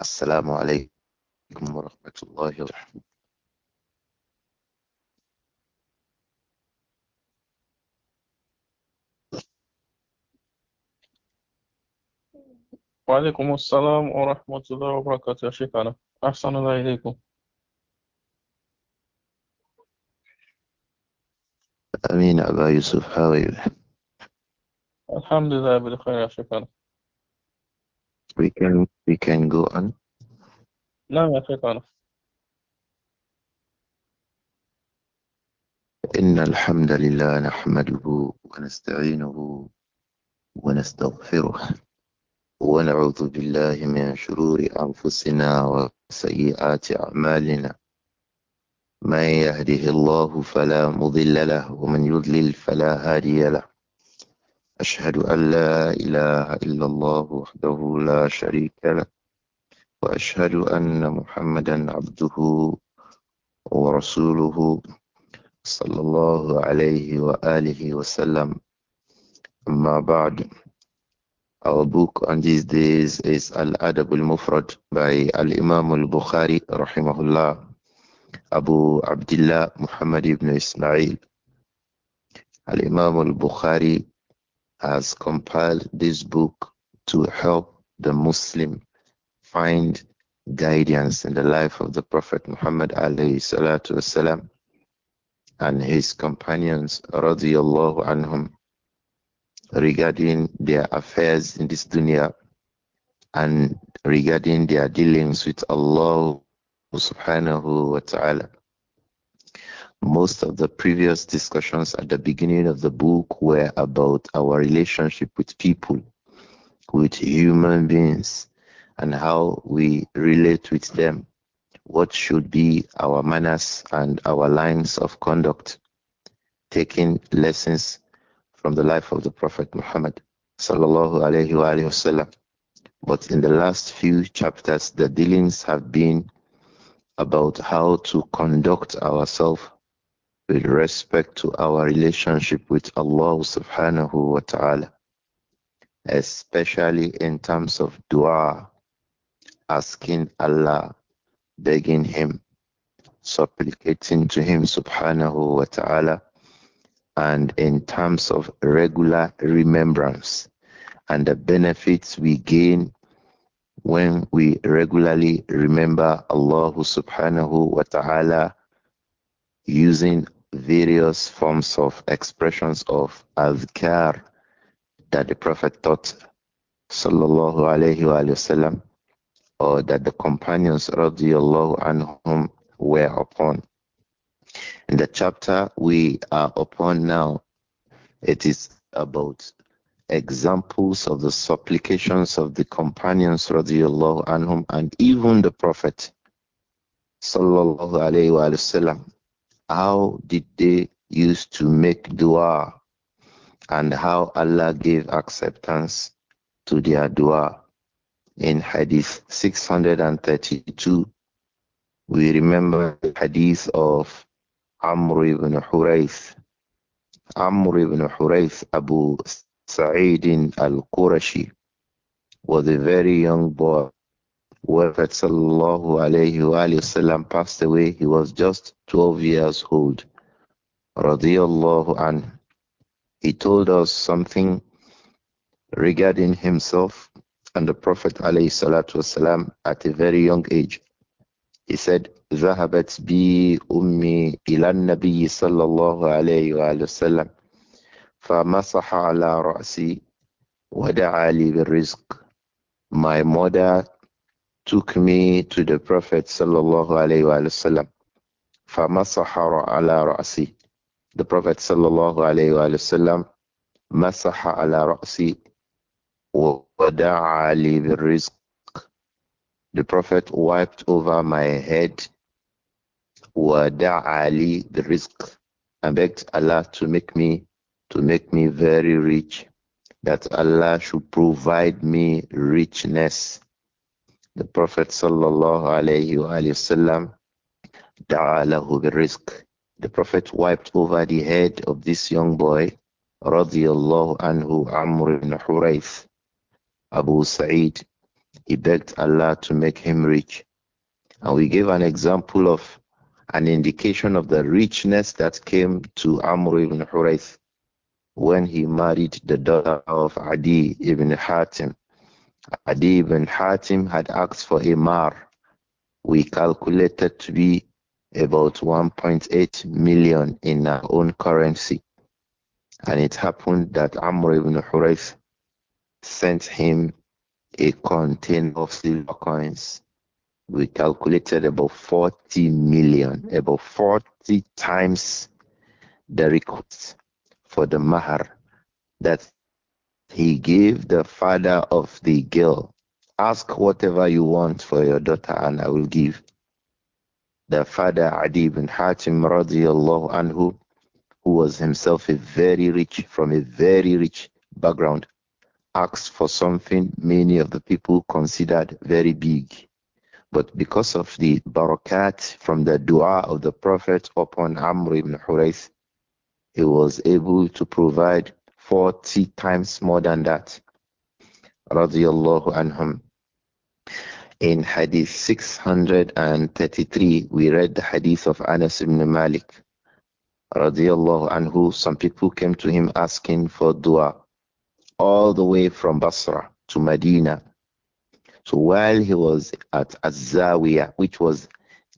السلام عليكم ورحمة الله وبركاته وعليكم السلام ورحمة الله وبركاته يا شيخنا أحسن الله إليكم أمين أبا يوسف حبيبي الحمد لله بخير يا شيخنا we can we can go on. نعم يا شيخنا إن الحمد لله نحمده ونستعينه ونستغفره ونعوذ بالله من شرور أنفسنا وسيئات أعمالنا من يهده الله فلا مضل له ومن يضلل فلا هادي له أشهد أن لا إله إلا الله وحده لا شريك له وأشهد أن محمدا عبده ورسوله صلى الله عليه وآله وسلم أما بعد Our book on these days is Al-Adab al-Mufrad by Al-Imam al-Bukhari rahimahullah Abu Abdullah Muhammad ibn Ismail Al-Imam al-Bukhari has compiled this book to help the Muslim find guidance in the life of the Prophet Muhammad والسلام, and his companions radiallahu regarding their affairs in this dunya and regarding their dealings with Allah subhanahu wa ta'ala. Most of the previous discussions at the beginning of the book were about our relationship with people, with human beings, and how we relate with them. What should be our manners and our lines of conduct, taking lessons from the life of the Prophet Muhammad sallallahu alayhi wa, sallam. But in the last few chapters, the dealings have been about how to conduct ourselves with respect to our relationship with Allah subhanahu wa ta'ala, especially in terms of dua, asking Allah, begging Him, supplicating to Him subhanahu wa ta'ala, and in terms of regular remembrance and the benefits we gain when we regularly remember Allah subhanahu wa ta'ala using various forms of expressions of azkar that the Prophet taught, sallallahu alayhi wasallam, wa or that the companions radiallahu anhum were upon. In the chapter we are upon now, it is about examples of the supplications of the companions radiallahu anhum and even the Prophet sallallahu alayhi wasallam. How did they used to make dua and how Allah gave acceptance to their dua. In Hadith 632, we remember the Hadith of Amr ibn Hurayth. Amr ibn Hurayth, Abu Sa'idin al-Qurashi, was a very young boy Prophet sallallahu alayhi wasallam passed away, he was just 12 years old. Radiallahu anhu. He told us something regarding himself and the Prophet alayhi salatu wasalam at a very young age. He said, ذهبت بي أمي إلى النبي صلى الله عليه وآله وسلم فمسح على رأسي ودعا لي بالرزق. My mother took me to the Prophet sallallahu alaihi wasallam. فَمَسَحَ عَلَى رَأْسِي The Prophet sallallahu alaihi wasallam مَسَحَ عَلَى رَأْسِي وَدَعَ لِي بِالرِّزْقِ The Prophet wiped over my head وَدَعَ لِي بِالرِّزْقِ and begged Allah to make me to make me very rich that Allah should provide me richness the Prophet sallallahu alayhi da'alahu birrizq. The Prophet wiped over the head of this young boy, radiyallahu anhu Amr ibn Hurayth, Abu Sa'id. He begged Allah to make him rich. And we gave an example of an indication of the richness that came to Amr ibn Hurayth when he married the daughter of Adi ibn Hatim Adi ibn Hatim had asked for a mar. We calculated to be about 1.8 million in our own currency. And it happened that Amr ibn Hurayth sent him a container of silver coins. We calculated about 40 million, about 40 times the request for the mahar. That he gave the father of the girl, Ask whatever you want for your daughter, and I will give. The father Adi ibn Hatim radiallahu anhu, who was himself a very rich, from a very rich background, asked for something many of the people considered very big but because of the barakat from the dua of the Prophet upon Amr ibn Hurayth, he was able to provide 40 times more than that. Radiallahu anhum. In Hadith 633, we read the Hadith of Anas ibn Malik. Radiallahu anhu, some people came to him asking for dua all the way from Basra to Medina. So while he was at Azawiya, which was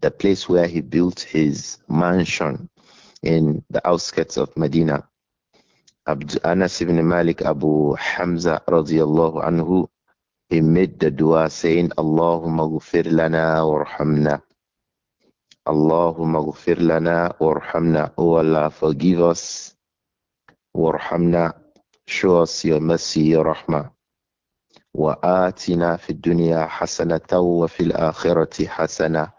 the place where he built his mansion in the outskirts of Medina, Abd Anas ibn Malik Abu Hamza radiallahu anhu, he made the dua saying, Allahumma ghufir lana warhamna. Allahumma ghufir lana warhamna. O Allah, forgive us. Warhamna. Show us your mercy, your rahmah. وآتنا في الدنيا حسنة وفي الآخرة حسنة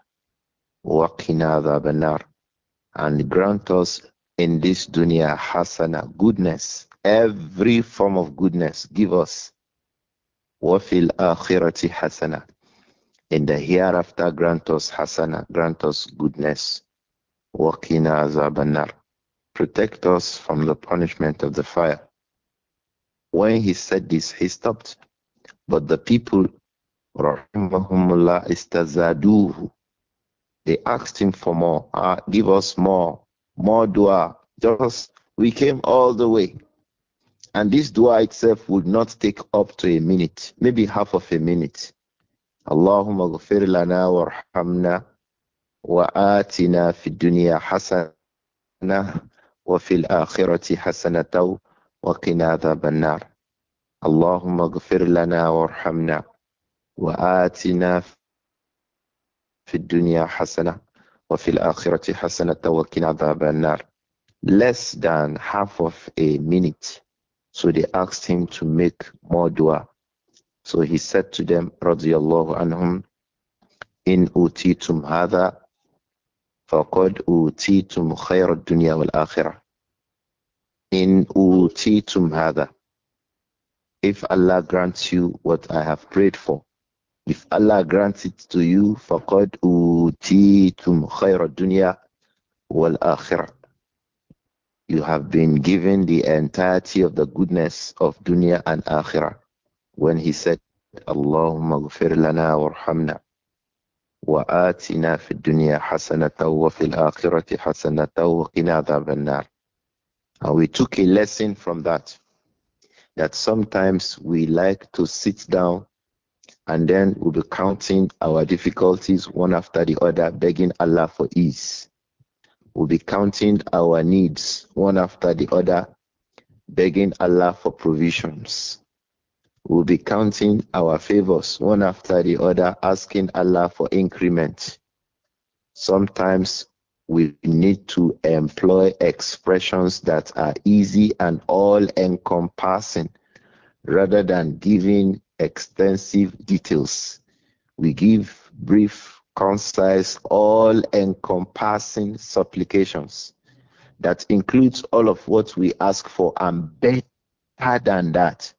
وقنا عذاب النار and grant us in this dunya hasana, goodness, every form of goodness, give us. fil akhirati hasana. In the hereafter, grant us hasana, grant us goodness. Waqina azabanar. Protect us from the punishment of the fire. When he said this, he stopped. But the people, rahimahumullah, istazaduhu. They asked him for more. Ah, give us more more dua. Just we came all the way. And this dua itself would not take up to a minute, maybe half of a minute. Allahumma ghafir lana warhamna wa atina fid dunya hasana wa fil akhirati hasanatan wa qina adhaban nar. Allahumma ghafir lana warhamna wa atina fid dunya hasana وَفِي الْآخِرَةِ حَسَنَةً وَقِنَا عَذَابَ النَّارِ Less than half of a minute. So they asked him to make more dua. So he said to them, رضي الله عنهم, إن أوتيتم هذا فقد أوتيتم خير الدنيا والآخرة. إن أوتيتم هذا. If Allah grants you what I have prayed for, If Allah grants it to you, فَقَدْ أُوتِيتُمْ خَيْرَ الدُّنْيَا وَالْآخِرَةِ You have been given the entirety of the goodness of dunya and akhirah. When he said, اللهم اغفر لنا وارحمنا وآتنا في الدنيا حسنة وفي الآخرة حسنة وقنا عذاب النار. And we took a lesson from that, that sometimes we like to sit down and then we'll be counting our difficulties one after the other, begging Allah for ease. We'll be counting our needs one after the other, begging Allah for provisions. We'll be counting our favors one after the other, asking Allah for increment. Sometimes we need to employ expressions that are easy and all encompassing rather than giving extensive details. We give brief, concise, all encompassing supplications that includes all of what we ask for and better than that.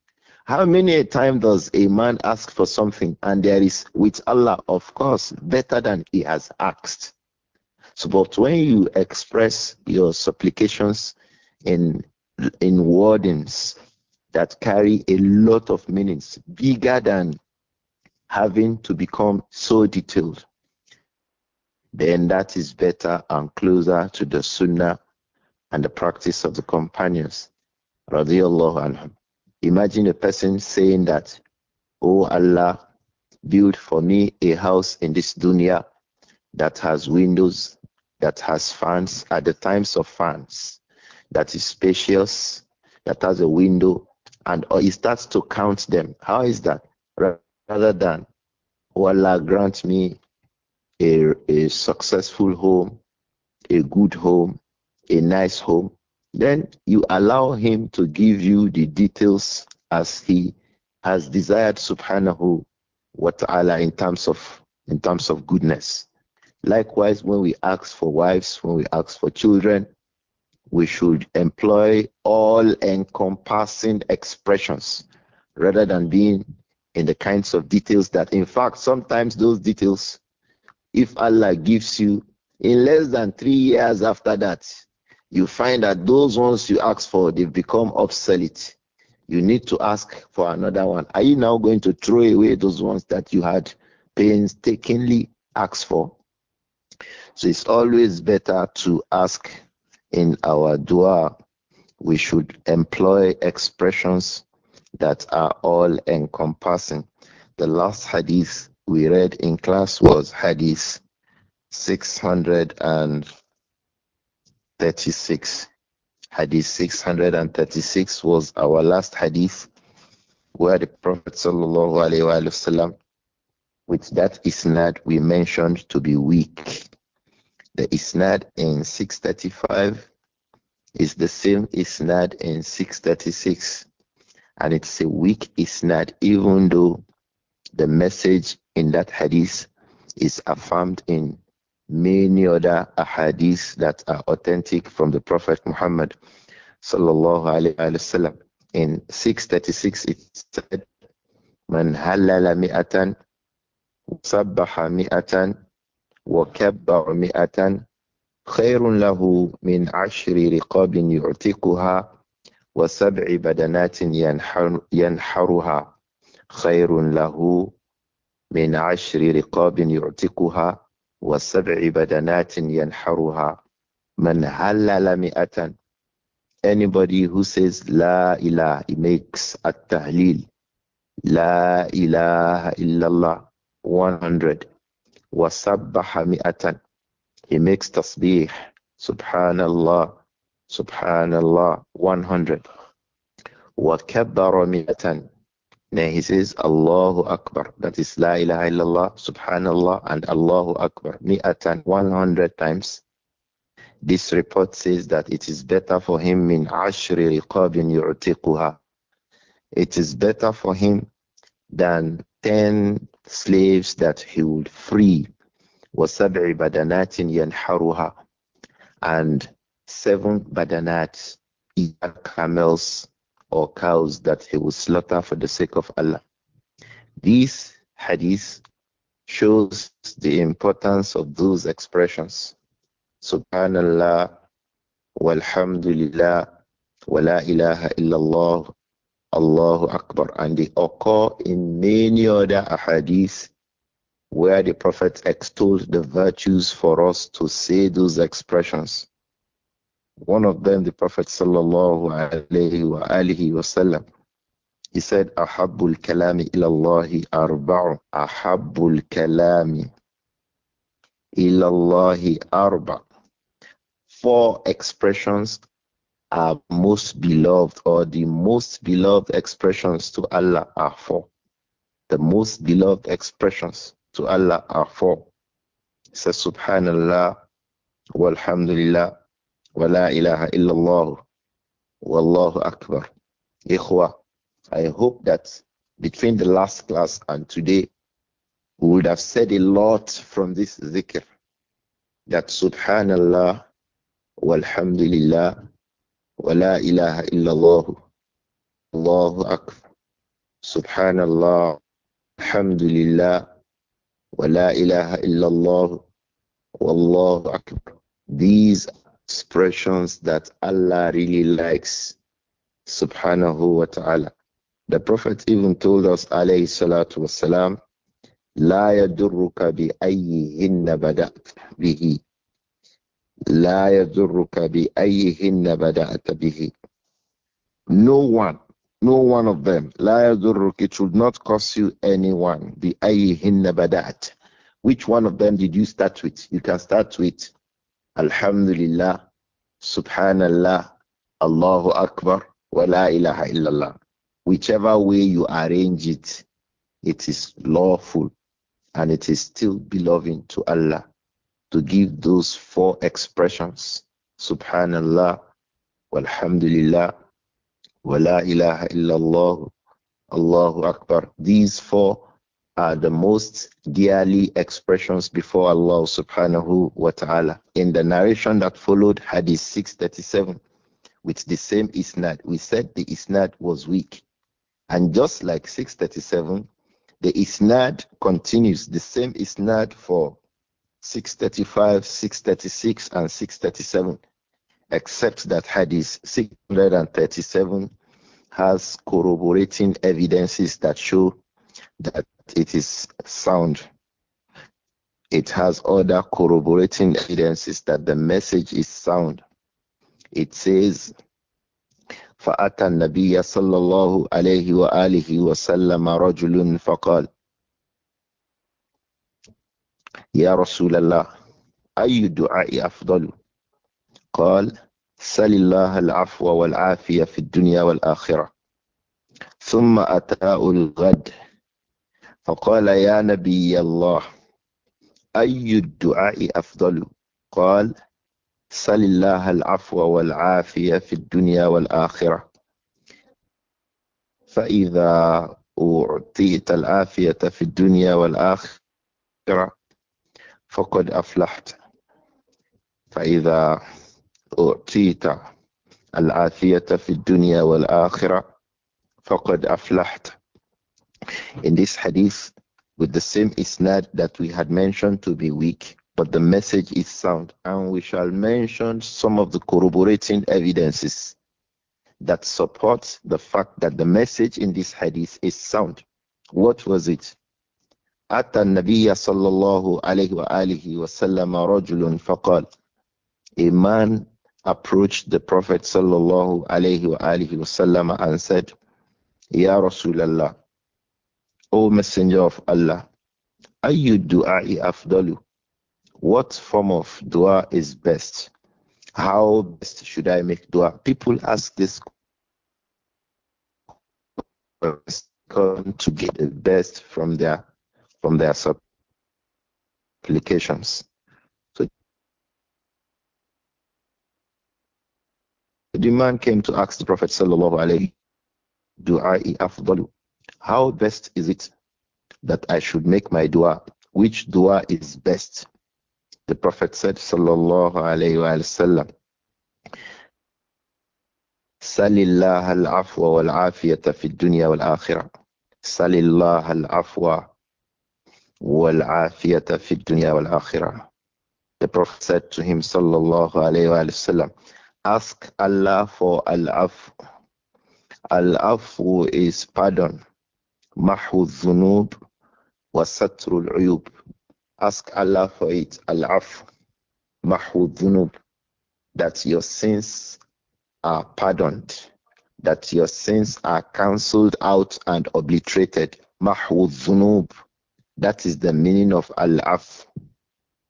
How many a time does a man ask for something and there is with Allah, of course, better than he has asked? So, but when you express your supplications in in wordings that carry a lot of meanings, bigger than having to become so detailed. Then that is better and closer to the Sunnah and the practice of the companions. Imagine a person saying that, Oh Allah, build for me a house in this dunya that has windows, that has fans at the times of fans, that is spacious, that has a window, and he starts to count them. How is that? Rather than, oh Allah, grant me a, a successful home, a good home, a nice home, then you allow him to give you the details as he has desired subhanahu wa ta'ala in terms of in terms of goodness. Likewise, when we ask for wives, when we ask for children, we should employ all encompassing expressions rather than being in the kinds of details that, in fact, sometimes those details, if Allah gives you in less than three years after that, you find that those ones you ask for, they've become obsolete. You need to ask for another one. Are you now going to throw away those ones that you had painstakingly asked for? So it's always better to ask in our dua, we should employ expressions that are all encompassing. The last hadith we read in class was hadith 636. Hadith 636 was our last hadith where the Prophet sallallahu alaihi wasallam, with that isnad we mentioned to be weak. The isnad in 635 is the same isnad in 636, and it's a weak isnad, even though the message in that hadith is affirmed in many other hadiths that are authentic from the Prophet Muhammad sallallahu alaihi wasallam. In 636, it said, "Man halala mi'atan, sabbaha mi'atan, وكبر مئة خير له من عشر رقاب يعتقها وسبع بدنات ينحر ينحرها خير له من عشر رقاب يعتقها وسبع بدنات ينحرها من هلل مئة anybody who says La ilaha, he makes at لا إله إلا الله 100. وَسَبَّحَ مِئَةً He makes tasbih. Subhanallah. Subhanallah. 100. وَكَبَّرَ مِئَةً Then he says, Allahu Akbar. That is La ilaha illallah, Subhanallah, and Allahu Akbar. Mi'atan, 100 times. This report says that it is better for him min ashri riqabin yu'tiquha. It is better for him than 10 slaves that he would free. وَسَبْعِ بَدَنَاتٍ يَنْحَرُهَا And seven badanat, either camels or cows that he would slaughter for the sake of Allah. This hadith shows the importance of those expressions. Subhanallah, walhamdulillah, wa la ilaha illallah, Allahu Akbar. And they occur in many other ahadith where the Prophet extolled the virtues for us to say those expressions. One of them, the Prophet sallallahu alayhi wa alihi wasallam, he said, "Ahabul kalami ilallahi arba'u. Ahabul kalami ilallahi arba." Four expressions are most beloved or the most beloved expressions to Allah are for The most beloved expressions to Allah are for. It says Subhanallah walhamdulillah wa la ilaha illallah wallahu akbar. Ikhwa, I hope that between the last class and today we would have said a lot from this zikr that Subhanallah walhamdulillah ولا إله إلا الله الله أكبر سبحان الله الحمد لله ولا إله إلا الله والله أكبر These expressions that Allah really likes subhanahu wa ta'ala The Prophet even told us alayhi salatu wasalam لا يدرك بأيهن بدأت به لا يضرك بأيهن بدأت به no one no one of them لا يضرك it should not cost you anyone بأيهن بدأت which one of them did you start with you can start with Alhamdulillah Subhanallah Allahu Akbar wa la ilaha illallah whichever way you arrange it it is lawful and it is still beloved to Allah to give those four expressions Subhanallah, Walhamdulillah, la ilaha illallah, Allahu Akbar. These four are the most dearly expressions before Allah subhanahu wa ta'ala. In the narration that followed Hadith 637, with the same isnad, we said the isnad was weak. And just like 637, the isnad continues, the same isnad for 635, 636, and 637, except that Hadith 637 has corroborating evidences that show that it is sound. It has other corroborating evidences that the message is sound. It says, فأتى النبي صلى الله عليه وآله وسلم رجل فقال يا رسول الله أي دعاء أفضل قال سل الله العفو والعافية في الدنيا والآخرة ثم أتاه الغد فقال يا نبي الله أي الدعاء أفضل قال سل الله العفو والعافية في الدنيا والآخرة فإذا أعطيت العافية في الدنيا والآخرة فقد أفلحت فإذا أعطيت العافية في الدنيا والآخرة فقد أفلحت In this hadith, with the same isnad that we had mentioned to be weak, but the message is sound, and we shall mention some of the corroborating evidences that supports the fact that the message in this hadith is sound. What was it? أتى النبي صلى الله عليه وآله وسلم رجل فقال A man approached the Prophet صلى الله عليه وآله وسلم and said يا رسول الله O Messenger of Allah أي الدعاء أفضل What form of dua is best? How best should I make dua? People ask this to get the best from their from their supplications. So the man came to ask the Prophet sallallahu alaihi du'a'i afdalu. How best is it that I should make my dua? Which dua is best? The Prophet said sallallahu alaihi wasallam. سل الله العفو والعافية في الدنيا والآخرة سل الله العفو وَالْعَافِيَةَ فِي الدُّنْيَا وَالْآخِرَةِ The Prophet said to him, sallallahu alayhi wa sallam, ask Allah for al-afu. Al-afu is pardon. Mahu dhunub wa satrul Ask Allah for it. Al-afu. Mahu dhunub. That your sins are pardoned. That your sins are cancelled out and obliterated. Mahu dhunub that is the meaning of Al-Af,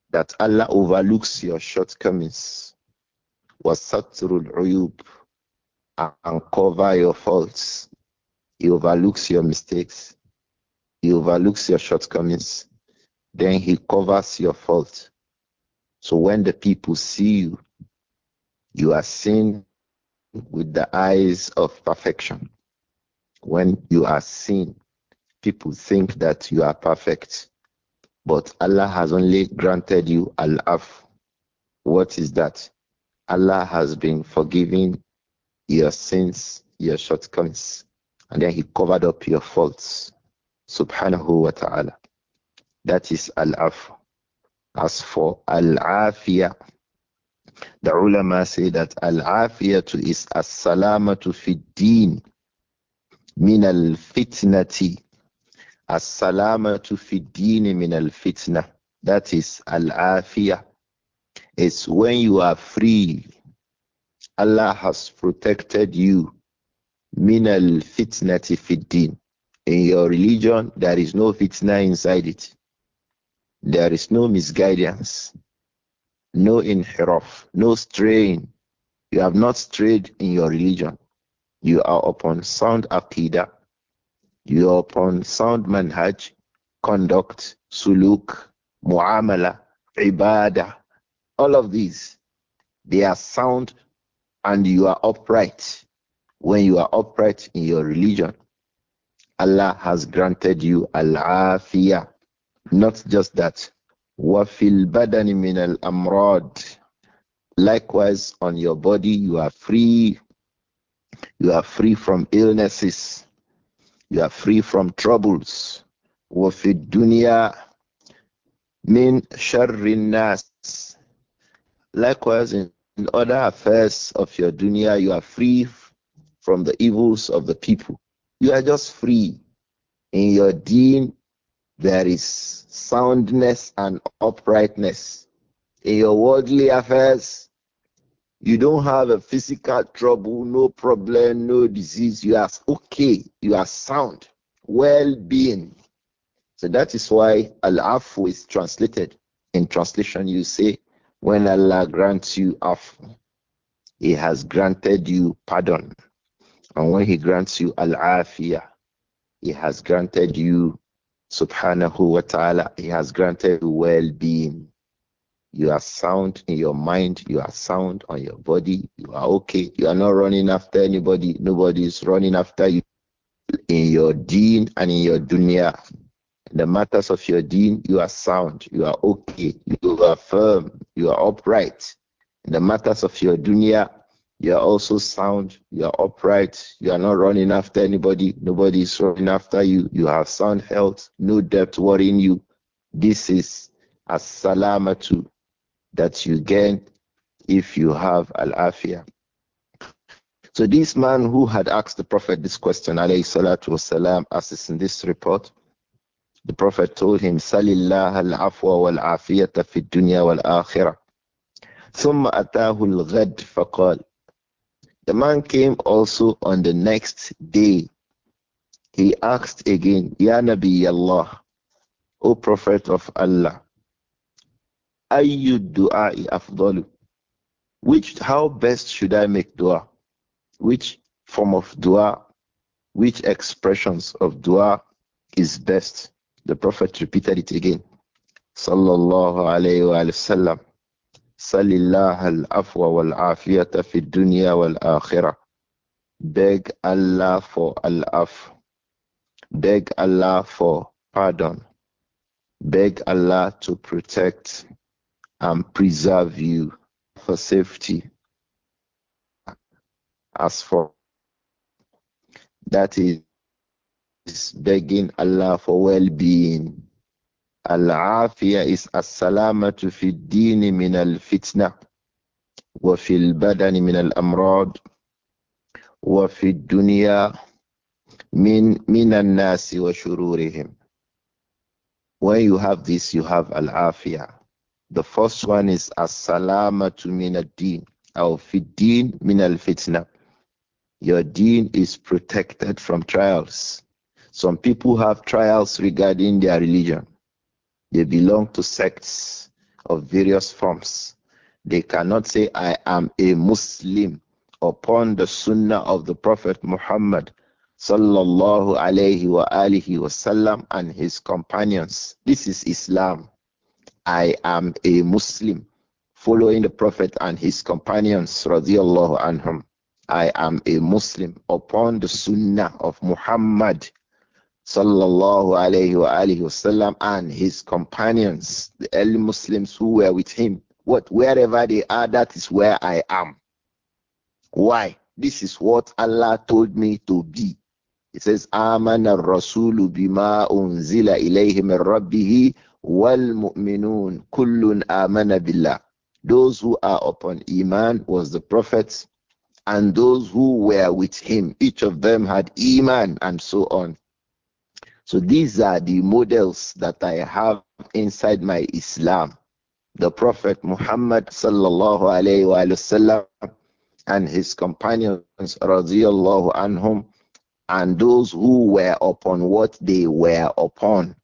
that Allah overlooks your shortcomings. Wasatrul uyub and cover your faults. He overlooks your mistakes. He overlooks your shortcomings. Then he covers your fault. So when the people see you, you are seen with the eyes of perfection. When you are seen people think that you are perfect. But Allah has only granted you al af. What is that? Allah has been forgiving your sins, your shortcomings, and then He covered up your faults. Subhanahu wa ta'ala. That is al af. As for al afiyah, the ulama say that al afiyah is as salamatu fid din min al fitnati as-salamatu fi dini min al-fitna. That is al-afiyah. It's when you are free. Allah has protected you min al fitna fi din. In your religion, there is no fitna inside it. There is no misguidance, no inhiraf, no straying. You have not strayed in your religion. You are upon sound aqidah you are upon sound manhaj, conduct, suluk, muamala, ibadah, all of these, they are sound and you are upright. When you are upright in your religion, Allah has granted you al-afiyah. Not just that. وَفِي الْبَدَنِ مِنَ الْأَمْرَادِ Likewise, on your body, you are free. You are free from illnesses. You are free from troubles. وَفِي الدُّنْيَا مِنْ شَرِّ النَّاسِ Likewise, in other affairs of your dunya, you are free from the evils of the people. You are just free. In your deen, there is soundness and uprightness. In your worldly affairs, you don't have a physical trouble, no problem, no disease. You are okay. You are sound, well being. So that is why Al Afu is translated. In translation, you say, When Allah grants you Afu, He has granted you pardon. And when He grants you Al Afiyah, He has granted you subhanahu wa ta'ala, he has granted well being. You are sound in your mind. You are sound on your body. You are okay. You are not running after anybody. Nobody is running after you in your deen and in your dunya. In the matters of your deen, you are sound. You are okay. You are firm. You are upright. In the matters of your dunya, you are also sound. You are upright. You are not running after anybody. Nobody is running after you. You have sound health. No debt worrying you. This is as salamatu that you gain if you have al afia. So this man who had asked the Prophet this question, alayhi salatu wasalam, as in this report, the Prophet told him, Salillah al afwa wal afiyata fi dunya wal akhirah. ثم أتاه الغد فقال The man came also on the next day. He asked again, Ya Nabi Allah, O Prophet of Allah, ayyu du'a'i afdalu? Which, how best should I make dua? Which form of dua, which expressions of dua is best? The Prophet repeated it again. Sallallahu alayhi wa sallam. Salillah al-afwa wal-afiyata fi dunya wal-akhirah. Beg Allah for al-af. Beg Allah for pardon. Beg Allah to protect and um, preserve you for safety. As for that is begging Allah for well-being. al afiyah is as-salamatu fi min al-fitna wa fil badani min al-amrad wa fi dunya min min al-nasi wa shururihim. When you have this, you have al afiyah the first one is As-salamatu min ad-din, al fid-din min al-fitna. Your deen is protected from trials. Some people have trials regarding their religion. They belong to sects of various forms. They cannot say, I am a Muslim upon the sunnah of the Prophet Muhammad sallallahu alayhi wa alihi wasallam and his companions. This is Islam. I am a Muslim following the Prophet and his companions, radiallahu anhum. I am a Muslim upon the Sunnah of Muhammad, sallallahu alayhi wa alayhi wasallam, and his companions, the early Muslims who were with him. What wherever they are, that is where I am. Why? This is what Allah told me to be. It says, "Amana rasulu bima unzila rabbihi وَالْمُؤْمِنُونَ كُلٌّ آمَنَ بِاللَّهِ Those who are upon Iman was the prophets and those who were with him. Each of them had Iman and so on. So these are the models that I have inside my Islam. The Prophet Muhammad sallallahu alayhi wa sallam and his companions radiyallahu anhum and those who were upon what they were upon.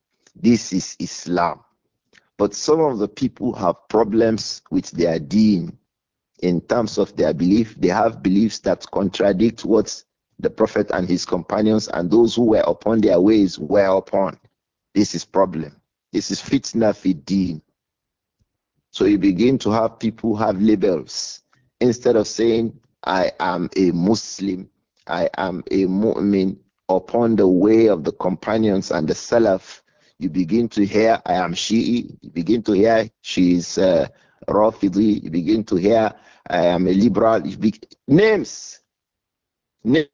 This is Islam. But some of the people have problems with their deen in terms of their belief. They have beliefs that contradict what the Prophet and his companions and those who were upon their ways were upon. This is problem. This is fitna fi deen. So you begin to have people have labels. Instead of saying, I am a Muslim, I am a mu'min upon the way of the companions and the salaf, you begin to hear I am Shi'i, you begin to hear she is uh, Rafidi, you begin to hear I am a liberal, be, names. names.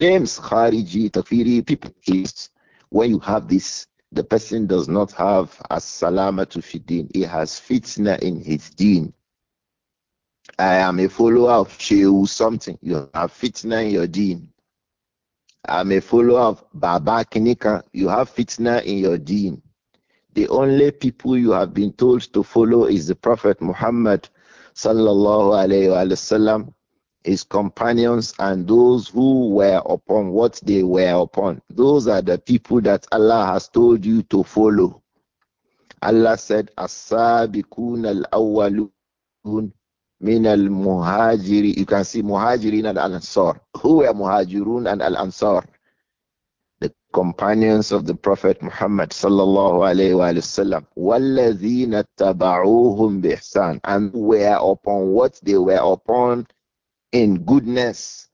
Names, Khariji, Takfiri, people. When you have this, the person does not have as salama to fidin. He has fitna in his deen. I am a follower of Shehu something. You have fitna in your deen. I'm a follower of Baba Kinika. You have fitna in your deen. The only people you have been told to follow is the Prophet Muhammad sallallahu alayhi wasallam, his companions, and those who were upon what they were upon. Those are the people that Allah has told you to follow. Allah said, "As-sabiqun al-awwalun min al muhajiri. You can see muhajirin and al ansar. Who were muhajirun and al ansar? The companions of the Prophet Muhammad sallallahu alaihi wasallam. Walladhina taba'uhum bihsan. And were upon what they were upon in goodness.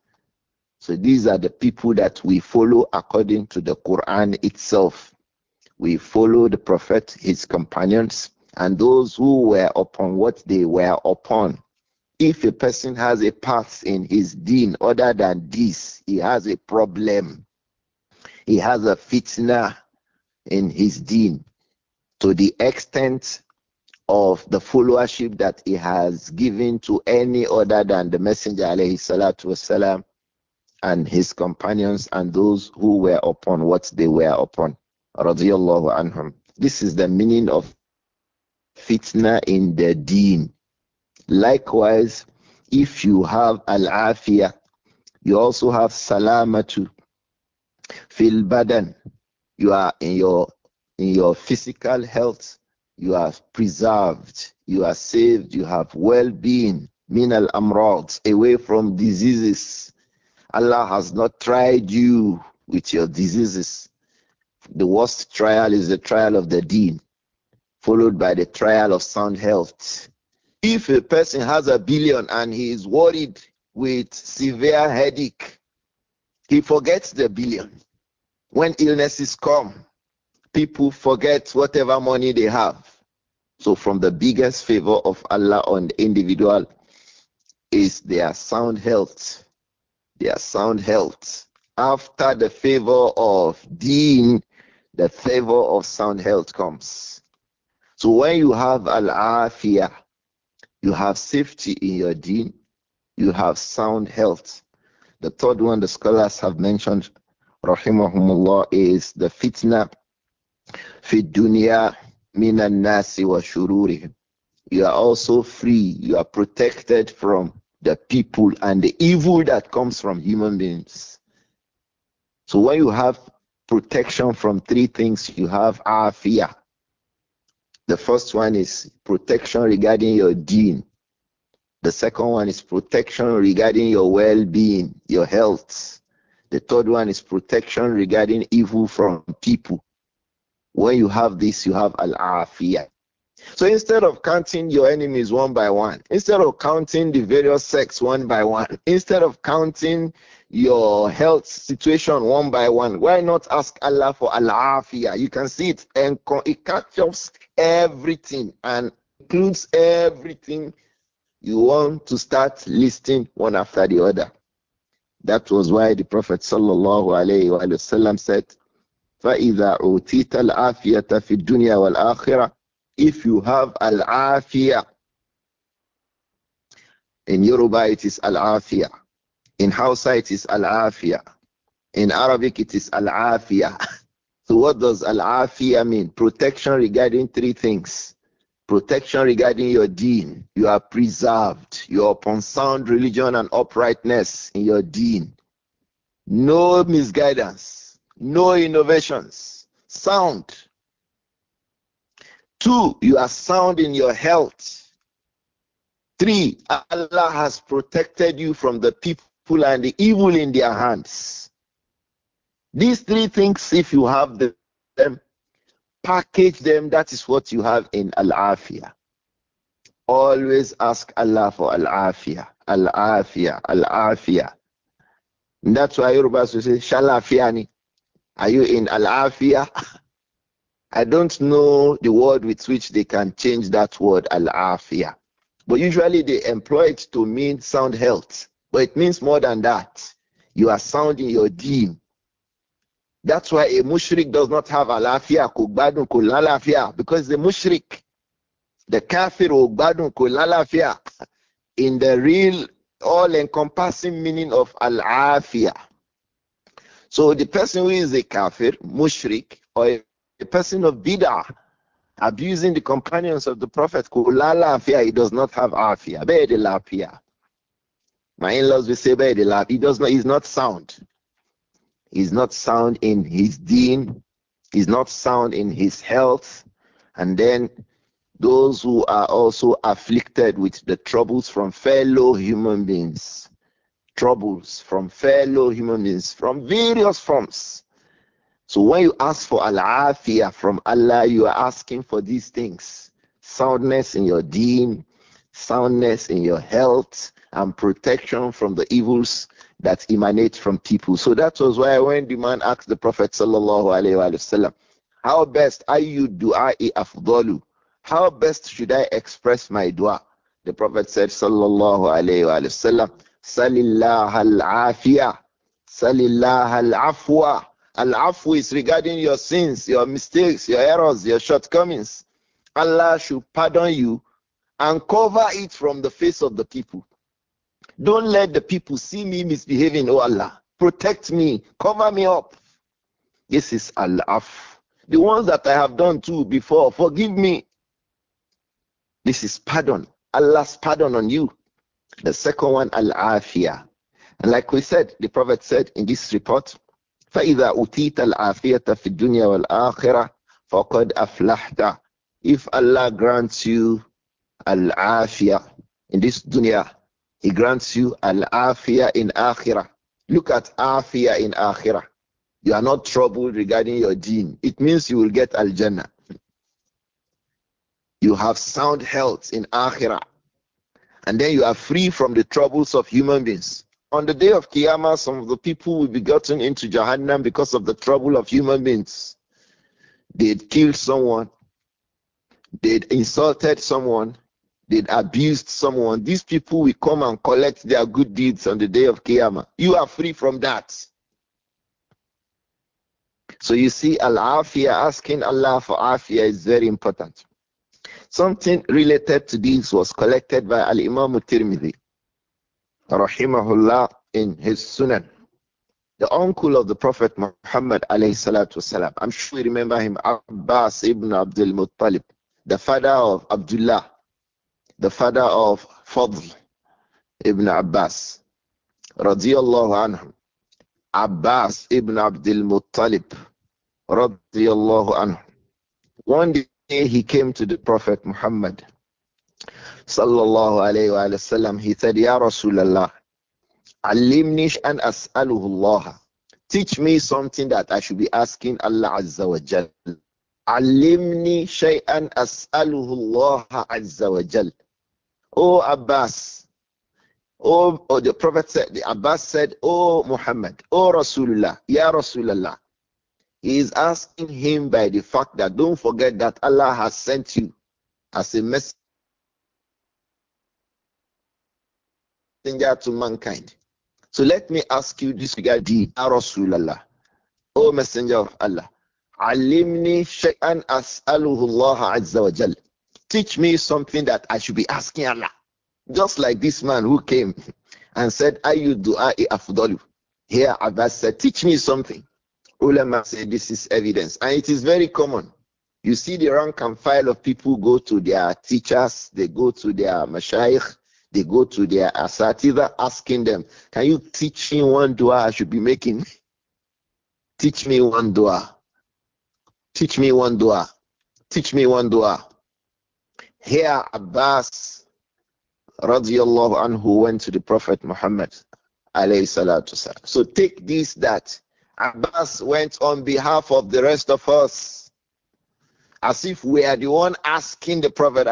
So these are the people that we follow according to the Quran itself. We follow the Prophet, his companions, and those who were upon what they were upon if a person has a path in his deen other than this, he has a problem. He has a fitna in his deen to the extent of the followership that he has given to any other than the Messenger alayhi salatu wasalam and his companions and those who were upon what they were upon. Radiallahu anhum. This is the meaning of fitna in the deen. Likewise, if you have al-afiyah, you also have salamatu fil badan. You are in your in your physical health, you are preserved, you are saved, you have well-being, min al-amrad, away from diseases. Allah has not tried you with your diseases. The worst trial is the trial of the deen, followed by the trial of sound health. If a person has a billion and he is worried with severe headache, he forgets the billion. When illnesses come, people forget whatever money they have. So, from the biggest favor of Allah on the individual is their sound health. Their sound health. After the favor of deen, the favor of sound health comes. So, when you have al afiyah, you have safety in your deen. You have sound health. The third one the scholars have mentioned, rahimahumullah, is the fitna fi dunya minan nasi wa shururi. You are also free. You are protected from the people and the evil that comes from human beings. So when you have protection from three things, you have afiyah, the first one is protection regarding your deen. The second one is protection regarding your well being, your health. The third one is protection regarding evil from people. When you have this, you have al afiyah. So instead of counting your enemies one by one, instead of counting the various sects one by one, instead of counting your health situation one by one, why not ask Allah for al afiyah? You can see it and it captures everything and includes everything you want to start listing one after the other. That was why the Prophet وسلم, said, فَإِذَا أُوتِيتَ الْعَافِيَةَ فِي الدُّنْيَا وَالْآخِرَةِ If you have al-afiyah, in Yoruba it is al-afiyah, in Hausa it is al-afiyah, in Arabic it is al-afiyah. So what does al-afiyah mean? Protection regarding three things. Protection regarding your deen. You are preserved. You are upon sound religion and uprightness in your deen. No misguidance. No innovations. Sound. Two, you are sound in your health. Three, Allah has protected you from the people and the evil in their hands. These three things, if you have them, package them. That is what you have in Al Afia. Always ask Allah for Al Afia, Al Afia, Al Afia. that's why Yorubas will say, Shalafiani. Are you in Al Afia? I don't know the word with which they can change that word Al Afia. But usually they employ it to mean sound health. But it means more than that. You are sound in your deen. That's why a mushrik does not have alafia, kugbadun, kulalafia, because the mushrik, the kafir, ugbadun, kulalafia, in the real, all encompassing meaning of alafia. So the person who is a kafir, mushrik, or a person of bid'ah, abusing the companions of the Prophet, kulalafia, he does not have afia, be'edilafia. My in-laws will say be'edilafia, he does not, he's not sound is not sound in his deen, is not sound in his health, and then those who are also afflicted with the troubles from fellow human beings, troubles from fellow human beings from various forms. So when you ask for al-afiyah from Allah, you are asking for these things: soundness in your deen, soundness in your health, and protection from the evils that emanate from people. So that was why when the man asked the Prophet sallallahu alaihi wasallam, how best are you du'a'i afdalu? How best should I express my dua? The Prophet said sallallahu alaihi wasallam, salillah al-afiyah, salillah al-afwa. Al-afu is regarding your sins, your mistakes, your errors, your shortcomings. Allah should pardon you and cover it from the face of the people. Don't let the people see me misbehaving, oh Allah. Protect me, cover me up. This is Allah. The ones that I have done too before, forgive me. This is pardon. Allah's pardon on you. The second one, Al Afia. And like we said, the Prophet said in this report, فإذا أتيت العافية في الدنيا والآخرة فقد أفلحت. If Allah grants you al-afiyah in this dunya he grants you al afia in akhirah. Look at afia in akhirah. You are not troubled regarding your deen. It means you will get al jannah. You have sound health in akhirah. And then you are free from the troubles of human beings. On the day of Qiyamah, some of the people will be gotten into Jahannam because of the trouble of human beings. They would killed someone, they would insulted someone, they abused someone, these people will come and collect their good deeds on the day of Qiyamah. You are free from that. So you see, al-afiyah, asking Allah for afiyah is very important. Something related to this was collected by Al-Imam al-Tirmidhi, rahimahullah, in his Sunan. The uncle of the Prophet Muhammad alayhi salatu wasalam. I'm sure you remember him, Abbas ibn Abdul Muttalib, the father of Abdullah the father of Fadl ibn Abbas, radiyallahu anhu. Abbas ibn Abdul Muttalib, radiyallahu anhu. One day he came to the Prophet Muhammad, sallallahu alayhi wa, sallam. He said, Ya Rasulallah, an and as'aluhullah. Teach me something that I should be asking Allah Azza wa Jal. Alimni shay'an as'aluhullah Azza wa Jal. O Abbas, O, the Prophet said, the Abbas said, O Muhammad, O Rasulullah, Ya Rasulullah. He is asking him by the fact that don't forget that Allah has sent you as a messenger to mankind. So let me ask you this regarding Rasulullah, O Messenger of Allah. علمني شيئا أسأله الله عز وجل." teach me something that I should be asking Allah. Just like this man who came and said, Are I dua afdalu? Here Abbas said, Teach me something. Ulama said this is evidence. And it is very common. You see the rank and file of people go to their teachers, they go to their mashayikh, they go to their asatida asking them, Can you teach me one dua I should be making? Teach me one dua. Teach me one dua. Teach me one dua. Here, Abbas radiallahu anhu went to the Prophet Muhammad So take this that Abbas went on behalf of the rest of us as if we are the one asking the Prophet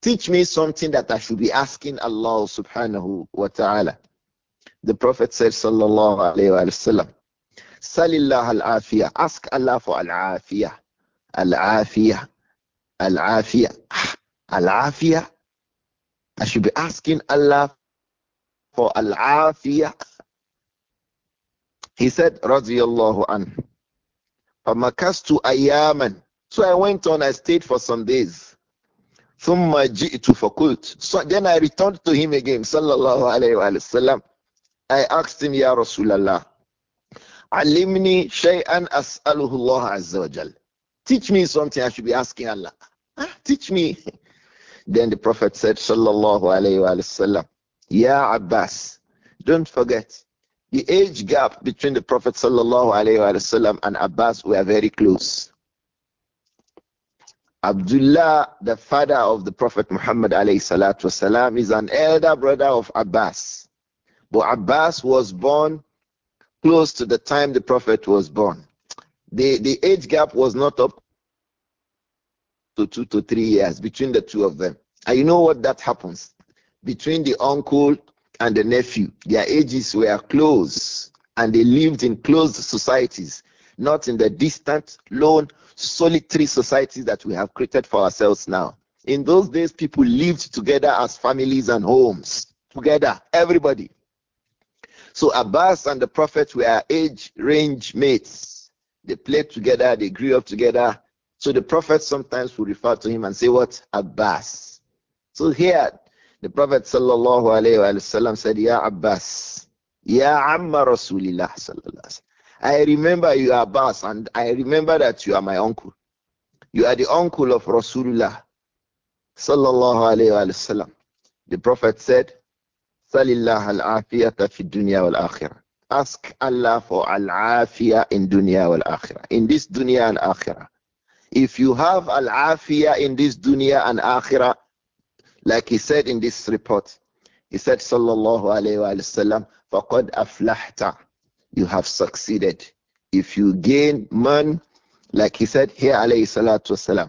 Teach me something that I should be asking Allah subhanahu wa ta'ala. The Prophet said sallallahu alayhi Wasallam. Salillah al afia Ask Allah for al Afia. Al Afia. Al Afia. Ah, al Afia. I should be asking Allah for al Afia. He said, radiyallahu anhu. to ayaman. so I went on I stayed for some days ثم جئت فقلت so then I returned to him again Sallallahu alayhi عليه I asked him "Ya رسول Alimni shay'an as'aluhu Allah azza wa jal. Teach me something I should be asking Allah. Ah, teach me. Then the Prophet said, Sallallahu alayhi wasallam, Ya Abbas, don't forget, the age gap between the Prophet Sallallahu alayhi wasallam and Abbas were very close. Abdullah, the father of the Prophet Muhammad alayhi salatu wasalam, is an elder brother of Abbas. But Abbas was born close to the time the Prophet was born. The, the age gap was not up to two to three years between the two of them. And you know what that happens? Between the uncle and the nephew, their ages were close and they lived in closed societies, not in the distant, lone, solitary societies that we have created for ourselves now. In those days, people lived together as families and homes, together, everybody. So Abbas and the Prophet were age range mates. They played together, they grew up together. So the Prophet sometimes would refer to him and say, What? Abbas. So here, the Prophet sallallahu alayhi wasallam said, Ya Abbas, Ya Amma Rasulillah sallallahu I remember you are Abbas and I remember that you are my uncle. You are the uncle of Rasulullah sallallahu alayhi wasallam. The Prophet said, Salillah al-afiyata fi dunya wal-akhirah. Ask Allah for al-afiyah in dunya wal-akhirah. In this dunya and akhirah. If you have al-afiyah in this dunya and akhirah, like he said in this report, he said, Sallallahu alayhi wa sallam, فَقَدْ أَفْلَحْتَ You have succeeded. If you gain man, like he said here, alayhi salatu wasalam,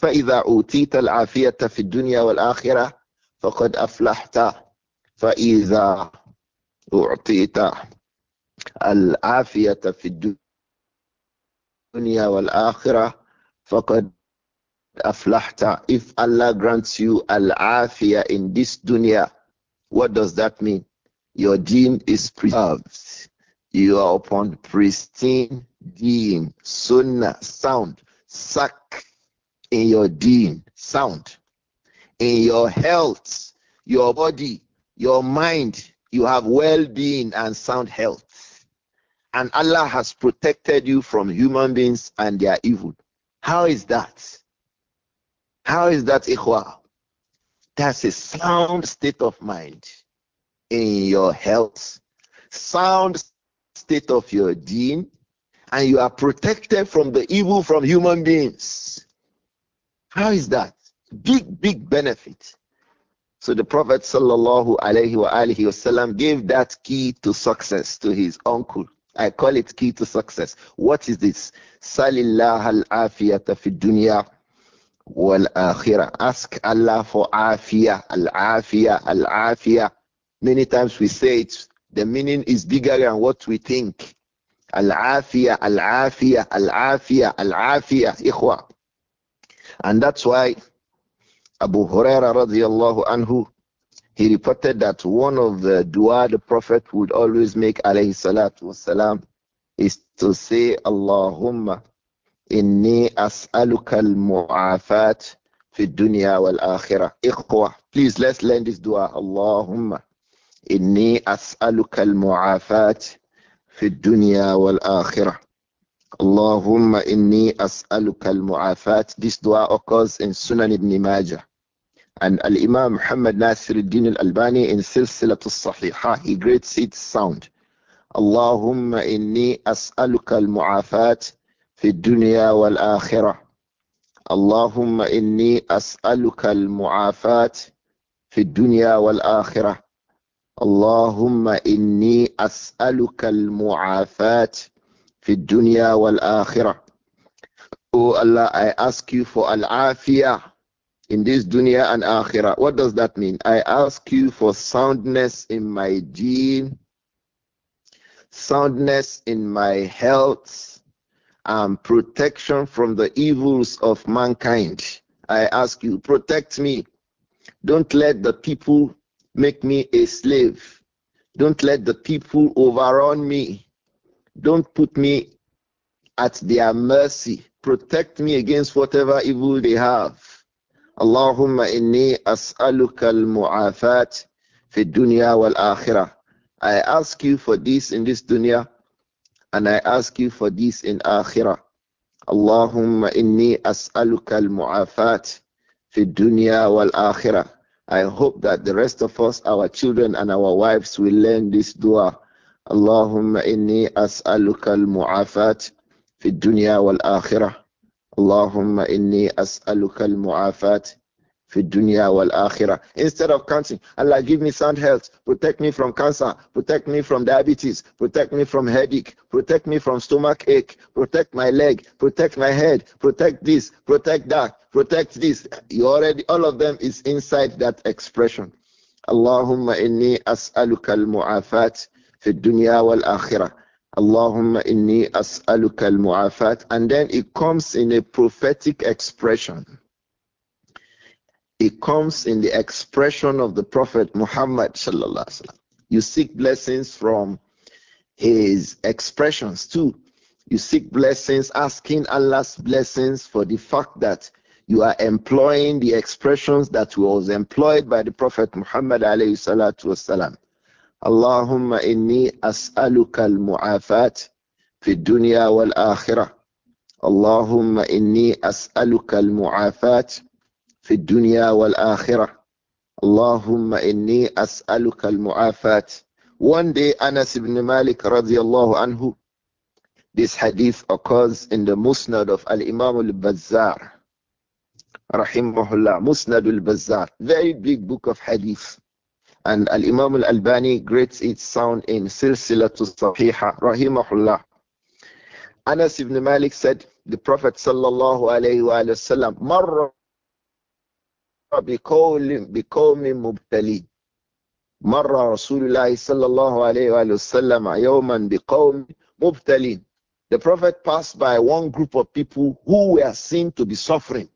فَإِذَا أُوتِيتَ الْعَافِيَةَ فِي الدُّنْيَا وَالْآخِرَةِ فَقَدْ أَفْلَحْتَ فإذا أعطيت العافية في الدنيا والآخرة فقد if Allah grants you al afia in this dunya what does that mean your deen is preserved you are upon pristine deen sunnah sound sack in your deen sound in your health your body your mind, you have well being and sound health. And Allah has protected you from human beings and their evil. How is that? How is that, Ikhwa? That's a sound state of mind in your health, sound state of your deen, and you are protected from the evil from human beings. How is that? Big, big benefit. So the Prophet sallallahu alaihi wasallam gave that key to success to his uncle. I call it key to success. What is this? Salillah al-afiyata fi dunya wal akhirah. Ask Allah for afiyah, al-afiyah, al-afiyah. Many times we say it, the meaning is bigger than what we think. Al-afiyah, al-afiyah, al-afiyah, al-afiyah, ikhwa. And that's why Abu Huraira radiallahu anhu, he reported that one of the dua the Prophet would always make alayhi salatu wasalam is to say, Allahumma inni as'aluka al-mu'afat fi dunya wal akhirah. Ikhwa, please let's learn this dua. Allahumma inni as'aluka al-mu'afat fi dunya wal akhirah. Allahumma inni as'aluka al-mu'afat. This dua occurs in Sunan ibn Majah. And Al Imam Muhammad Nasiruddin Al Albani in Silsilat al Sahihah, he grades it sound. Allahumma inni as'aluka al mu'afat fi dunya wal akhirah. Allahumma inni as'aluka al mu'afat fi dunya wal akhirah. اللهم إني أسألك المعافاة في الدنيا والآخرة. Oh Allah, I ask you for al-afiyah in this dunya and akhirah. What does that mean? I ask you for soundness in my deen, soundness in my health, and protection from the evils of mankind. I ask you, protect me. Don't let the people make me a slave. Don't let the people overrun me. Don't put me at their mercy. Protect me against whatever evil they have. اللهم إني أسألك المعافاة في الدنيا والآخرة I ask you for this in this dunya and I ask you for this in akhirah اللهم إني أسألك المعافاة في الدنيا والآخرة I hope that the rest of us, our children and our wives will learn this dua. اللهم إني أسألك المعافاة في الدنيا والآخرة Allahumma inni as'aluka al-mu'afat fi dunya wal akhirah. Instead of counting, Allah give me sound health, protect me from cancer, protect me from diabetes, protect me from headache, protect me from stomach ache, protect my leg, protect my head, protect this, protect that, protect this. You already all of them is inside that expression. Allahumma inni as'aluka al-mu'afat fi dunya wal akhirah. Allahumma inni as'aluka al-mu'afat. And then it comes in a prophetic expression. It comes in the expression of the Prophet Muhammad sallallahu alaihi wasallam. You seek blessings from his expressions too. You seek blessings, asking Allah's blessings for the fact that you are employing the expressions that was employed by the Prophet Muhammad alayhi salatu wasalam. اللهم إني أسألك المعافاة في الدنيا والآخرة اللهم إني أسألك المعافاة في الدنيا والآخرة اللهم إني أسألك المعافاة One day Anas ibn Malik radiallahu anhu This hadith occurs in the Musnad of Al-Imam al-Bazzar Rahimahullah Musnad al-Bazzar Very big book of hadith and Al Imam Al Albani grades its sound in Silsilatu Sahiha, Rahimahullah. Anas ibn Malik said, The Prophet sallallahu alayhi wa sallam, Marra بقوم mubtali. مر رسول sallallahu alayhi الله عليه وآله bi يوما The Prophet passed by one group of people who were seen to be suffering.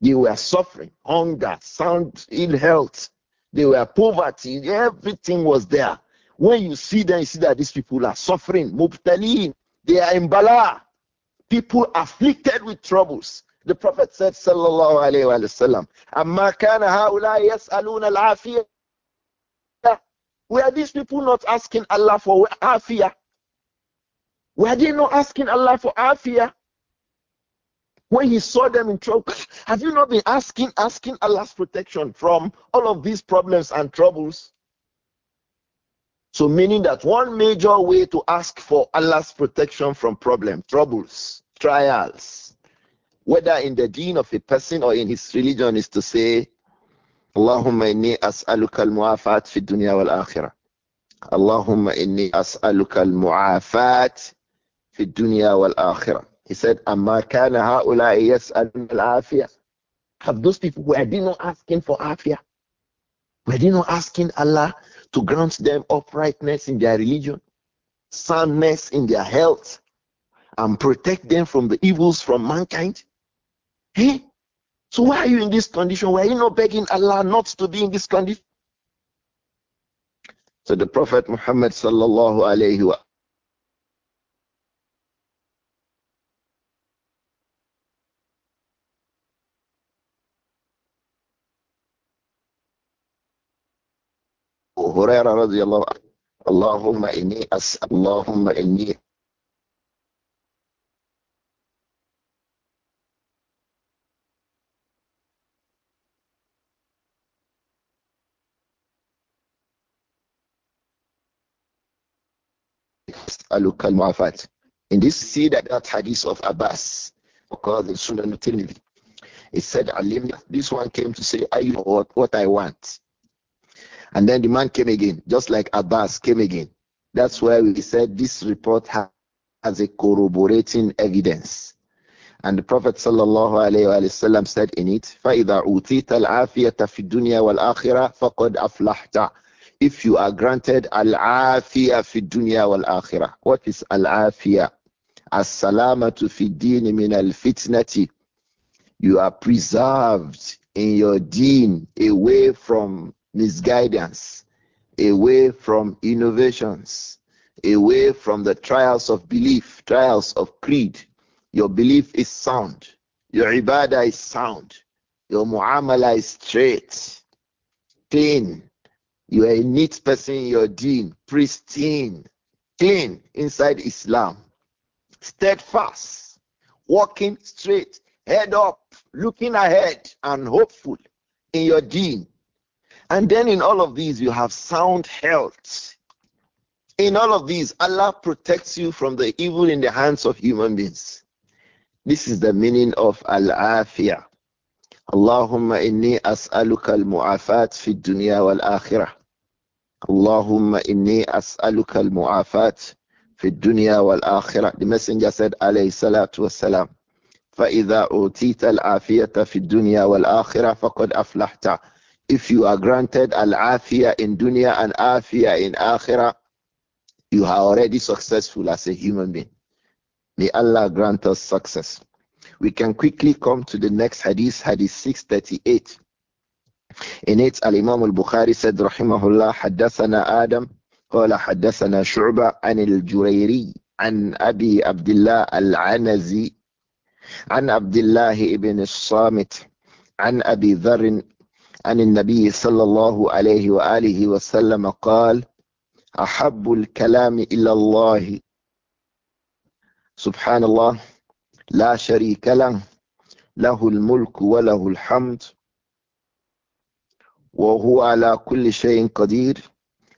They were suffering hunger, sound ill health. They were poverty. Everything was there. When you see them, you see that these people are suffering. Mubtali, they are in bala. People afflicted with troubles. The Prophet said, Sallallahu Alaihi Wasallam, Amma kana haula yas'aluna al-afiyah. Were these people not asking Allah for afiyah? Were they not asking Allah for afiyah? When he saw them in trouble, have you not been asking, asking Allah's protection from all of these problems and troubles? So, meaning that one major way to ask for Allah's protection from problems, troubles, trials, whether in the deen of a person or in his religion, is to say, Allahumma inni as'aluka al-mu'afat fi dunya wal akhirah. Allahumma inni as'aluka al-mu'afat fi dunya wal akhirah. He said, Amma kana ha'ula al-afiyah. Have those people, are they not asking for afiyah? Were they not asking Allah to grant them uprightness in their religion, soundness in their health, and protect them from the evils from mankind? Hey, so why are you in this condition? Why are you not begging Allah not to be in this condition? So the Prophet Muhammad sallallahu alayhi wa هريرة رضي الله عنه اللهم إني أسأل In this, see that, that hadith of Abbas, because the Sunan Tirmidhi, it said, This one came to say, I know what, what I want. And then the man came again, just like Abbas came again. That's why we said this report has a corroborating evidence. And the Prophet وسلم, said in it, فَإِذَا الْعَافِيَةَ فِي الدُّنْيَا وَالْآخِرَةِ فَقَدْ أَفْلَحْتَ If you are granted al-afiyah fi dunya wal-akhirah. What is al-afiyah? As-salamatu fi deen min al-fitnati. You are preserved in your deen away from misguidance, away from innovations, away from the trials of belief, trials of creed. Your belief is sound. Your ibadah is sound. Your muamala is straight, clean. You are a neat person in your deen, pristine, clean inside Islam, steadfast, walking straight, head up, looking ahead, and hopeful in your deen. And then in all of these, you have sound health. In all of these, Allah protects you from the evil in the hands of human beings. This is the meaning of al-afiyah. Allahumma inni as'aluka al-mu'afat fi dunya wal-akhirah. Allahumma inni as'aluka al-mu'afat fi dunya wal-akhirah. The messenger said alayhi salatu wassalam. فَإِذَا أُوتِيتَ الْعَافِيَةَ فِي الدُّنْيَا وَالْآخِرَةِ فَقَدْ أَفْلَحْتَ if you are granted al-afiyah in dunya and afiyah in akhirah, you are already successful as a human being. May Allah grant us success. We can quickly come to the next hadith, hadith 638. In it, Al-Imam al-Bukhari said, Rahimahullah, Adam." آدم قال Shu'ba an al jurayri an Abi Abdullah al Anazi, عن عبد الله بن الصامت عن أبي ذر عن النبي صلى الله عليه وآله وسلم قال أحب الكلام إلى الله سبحان الله لا شريك له له الملك وله الحمد وهو على كل شيء قدير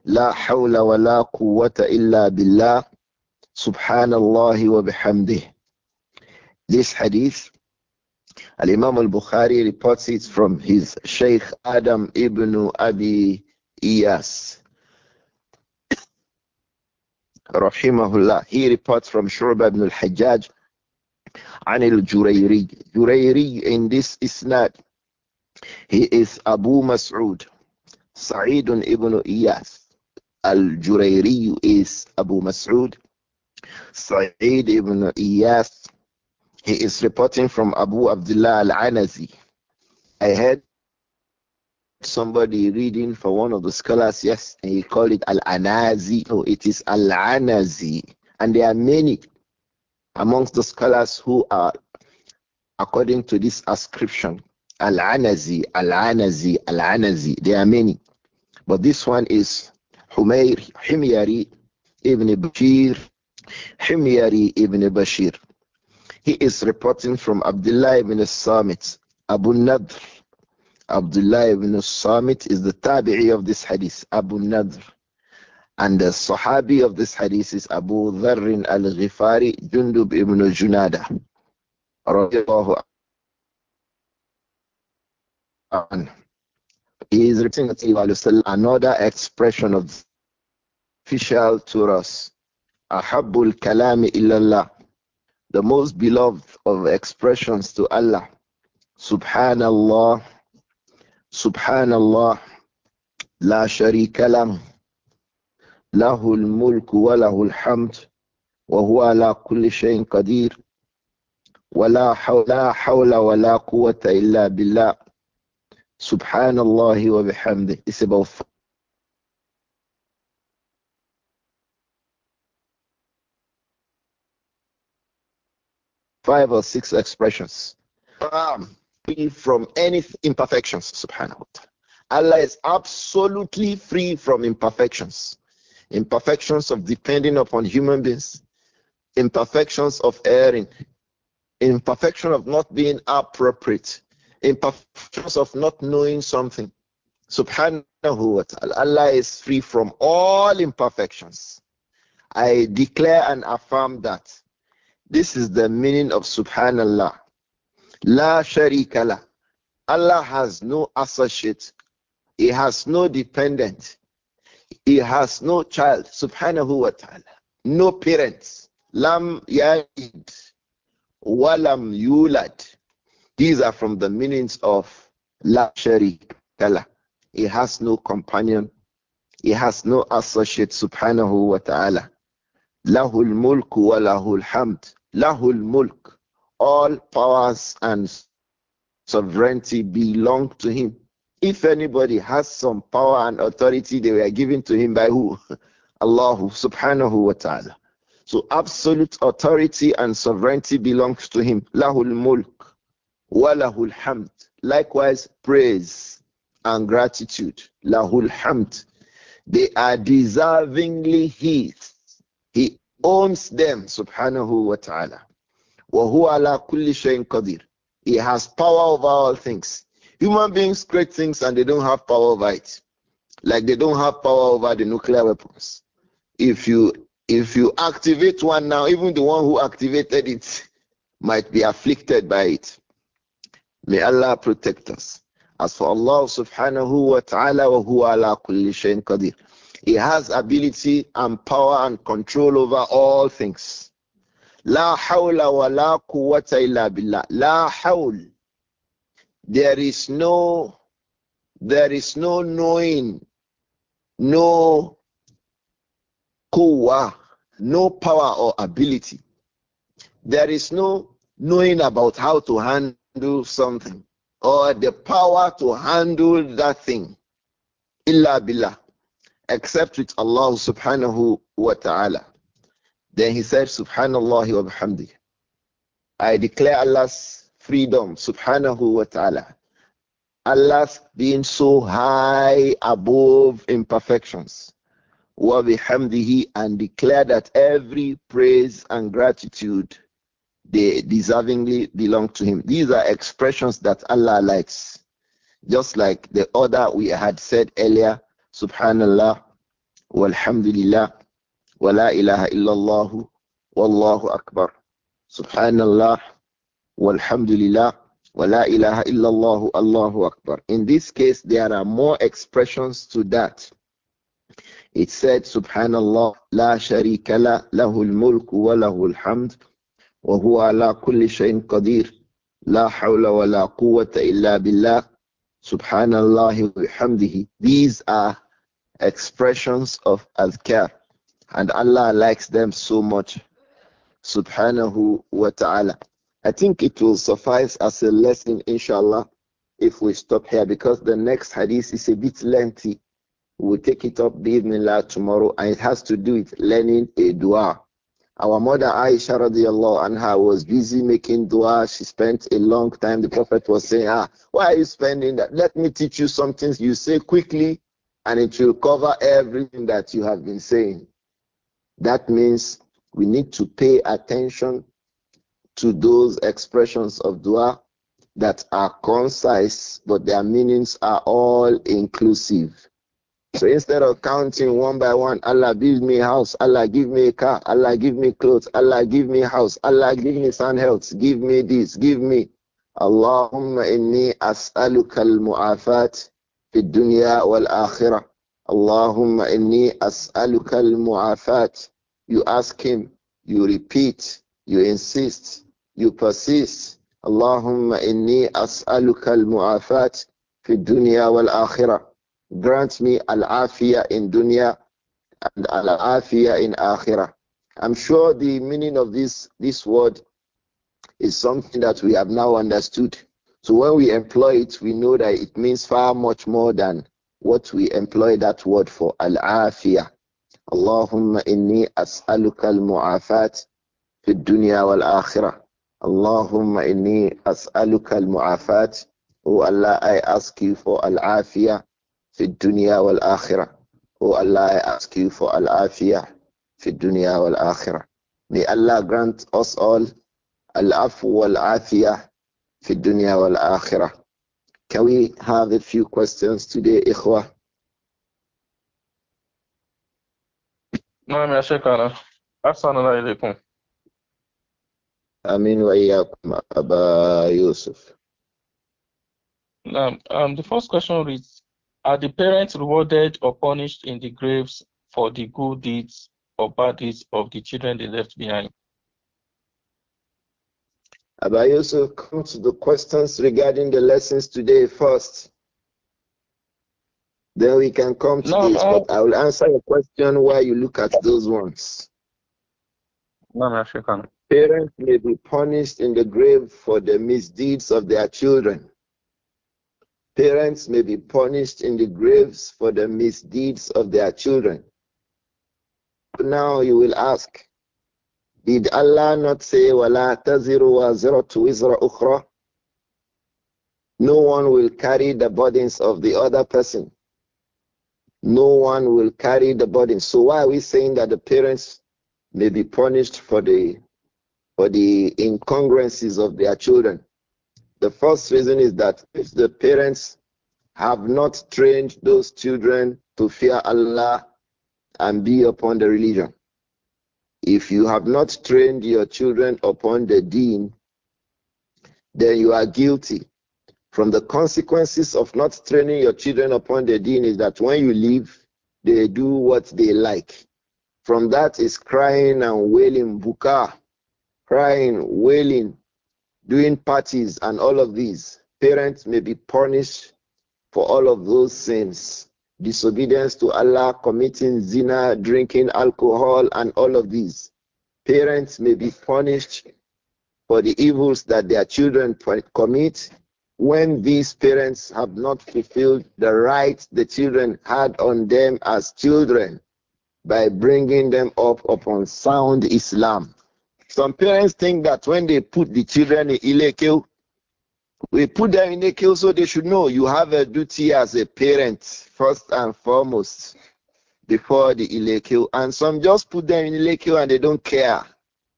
لا حول ولا قوة إلا بالله سبحان الله وبحمده This hadith Al Imam al Bukhari reports it from his Sheikh Adam ibn Abi Iyas. Rahimahullah. He reports from Shurba ibn al Hajjaj an al Jurayri. Jurayri in this isnad, he is Abu Mas'ud, Sa'id ibn Iyas. Al Jurayri is Abu Mas'ud, Sa'id ibn Iyas he is reporting from Abu Abdullah al-Anazi. I heard somebody reading for one of the scholars, yes, and he called it Al-Anazi. No, it is Al-Anazi. And there are many amongst the scholars who are, according to this ascription, Al-Anazi, Al-Anazi, Al-Anazi. There are many. But this one is Humayr Himyari ibn Bashir, Himyari ibn Bashir. He is reporting from Abdullah ibn Samit. Abu Nadr. Abdullah ibn Samit is the tabi'i of this hadith, Abu Nadr. And the Sahabi of this hadith is Abu Dharrin al Ghifari, Jundub ibn Junada. He is repeating another expression of official to us. Ahabul kalami illallah the most beloved of expressions to Allah. Subhanallah, Subhanallah, La Sharika La Lahul Mulk wa Lahul Hamd, wa huwa ala kulli shayin qadir, wa la hawla wa la quwwata illa billah. Subhanallah wa bihamdih. It's about five or six expressions um, free from any imperfections subhanahu wa ta'ala allah is absolutely free from imperfections imperfections of depending upon human beings imperfections of erring imperfection of not being appropriate imperfections of not knowing something subhanahu wa ta'ala allah is free from all imperfections i declare and affirm that this is the meaning of Subhanallah. La sharika la. Allah has no associate. He has no dependent. He has no child. Subhanahu wa ta'ala. No parents. Lam yalid. Walam yulad. These are from the meanings of La sharika la. He has no companion. He has no associate. Subhanahu wa ta'ala. Lahul mulku wa lahul hamd. Lahul mulk. All powers and sovereignty belong to him. If anybody has some power and authority, they were given to him by who? Allah subhanahu wa ta'ala. So absolute authority and sovereignty belongs to him. Lahul mulk. Walahul hamd. Likewise, praise and gratitude. Lahul hamd. They are deservingly his. He owns them, subhanahu wa ta'ala. huwa ala kulli shayin kadir. He has power over all things. Human beings create things and they don't have power over it. Like they don't have power over the nuclear weapons. If you if you activate one now, even the one who activated it might be afflicted by it. May Allah protect us. As for Allah subhanahu wa ta'ala wa huwa ala kulli shayin qadir. He has ability and power and control over all things. La hawla wa la quwwata illa billah. La hawl. There is no there is no knowing, no quwwa, no power or ability. There is no knowing about how to handle something or the power to handle that thing. Illa billah except with Allah subhanahu wa ta'ala. Then he said, Subhanallah wa bihamdi. I declare Allah's freedom, subhanahu wa ta'ala. Allah's being so high above imperfections. Wa bihamdihi and declare that every praise and gratitude they deservingly belong to him. These are expressions that Allah likes. Just like the order we had said earlier Subhanallah, walhamdulillah, wa la ilaha illallah, wallahu akbar. Subhanallah, walhamdulillah, wa la ilaha illallah, Allahu akbar. In this case, there are more expressions to that. It said, Subhanallah, la sharika la, lahul mulk wa lahul hamd, wa huwa ala kulli shayin qadir, la hawla wa la quwwata illa billah, Subhanallah wa hamdihi. These are expressions of adhkar. And Allah likes them so much. Subhanahu wa ta'ala. I think it will suffice as a lesson, inshallah, if we stop here because the next hadith is a bit lengthy. We'll take it up, bi'idhnillah, tomorrow. And it has to do with learning a dua. Our mother Aisha radiallahu anha was busy making dua. She spent a long time. The Prophet was saying, Ah, why are you spending that? Let me teach you something you say quickly, and it will cover everything that you have been saying. That means we need to pay attention to those expressions of dua that are concise, but their meanings are all inclusive. So instead of counting one by one, Allah give me a house, Allah give me a car, Allah give me clothes, Allah give me house, Allah give me sound health, give me this, give me. Allahumma inni as'aluka al-mu'afat fi dunya wal-akhirah. Allahumma inni as'aluka al-mu'afat. You ask him, you repeat, you insist, you persist. Allahumma inni as'aluka al-mu'afat fi dunya wal-akhirah. Grant me al-afiyah in dunya and al-afiyah in akhirah. I'm sure the meaning of this, this word is something that we have now understood. So when we employ it, we know that it means far much more than what we employ that word for al-afiyah. Allahumma inni as'aluka al-mu'afat fi dunya wal-akhirah. Allahumma inni as'aluka al-mu'afat. Oh Allah, I ask you for al-afiyah fi dunya wal Oh Allah, I ask you for al afiyah fi dunya wal akhirah. May Allah grant us all al afu wal afiyah fi dunya wal akhirah. Can we have a few questions today, ikhwah? نعم يا شيخنا أحسن الله alaykum. Amin wa أبا يوسف Yusuf. um, the first question reads are the parents rewarded or punished in the graves for the good deeds or bad deeds of the children they left behind? I also come to the questions regarding the lessons today first. Then we can come to no, this, no. but I will answer your question while you look at those ones. No, Parents may be punished in the grave for the misdeeds of their children. Parents may be punished in the graves for the misdeeds of their children. Now you will ask, did Allah not say, وَلَا تَزِرُ وَازِرَةُ وِزْرَ أُخْرَى No one will carry the burdens of the other person. No one will carry the burden. So why are we saying that the parents may be punished for the for the incongruencies of their children? The first reason is that if the parents have not trained those children to fear Allah and be upon the religion, if you have not trained your children upon the deen, then you are guilty. From the consequences of not training your children upon the deen is that when you leave, they do what they like. From that is crying and wailing, buka, crying, wailing, doing parties and all of these. Parents may be punished for all of those sins. Disobedience to Allah, committing zina, drinking alcohol, and all of these. Parents may be punished for the evils that their children commit when these parents have not fulfilled the rights the children had on them as children by bringing them up upon sound Islam. Some parents think that when they put the children in Ilekeu, we put them in Ilekeu so they should know you have a duty as a parent, first and foremost, before the Ilekeu. And some just put them in Ilekeu and they don't care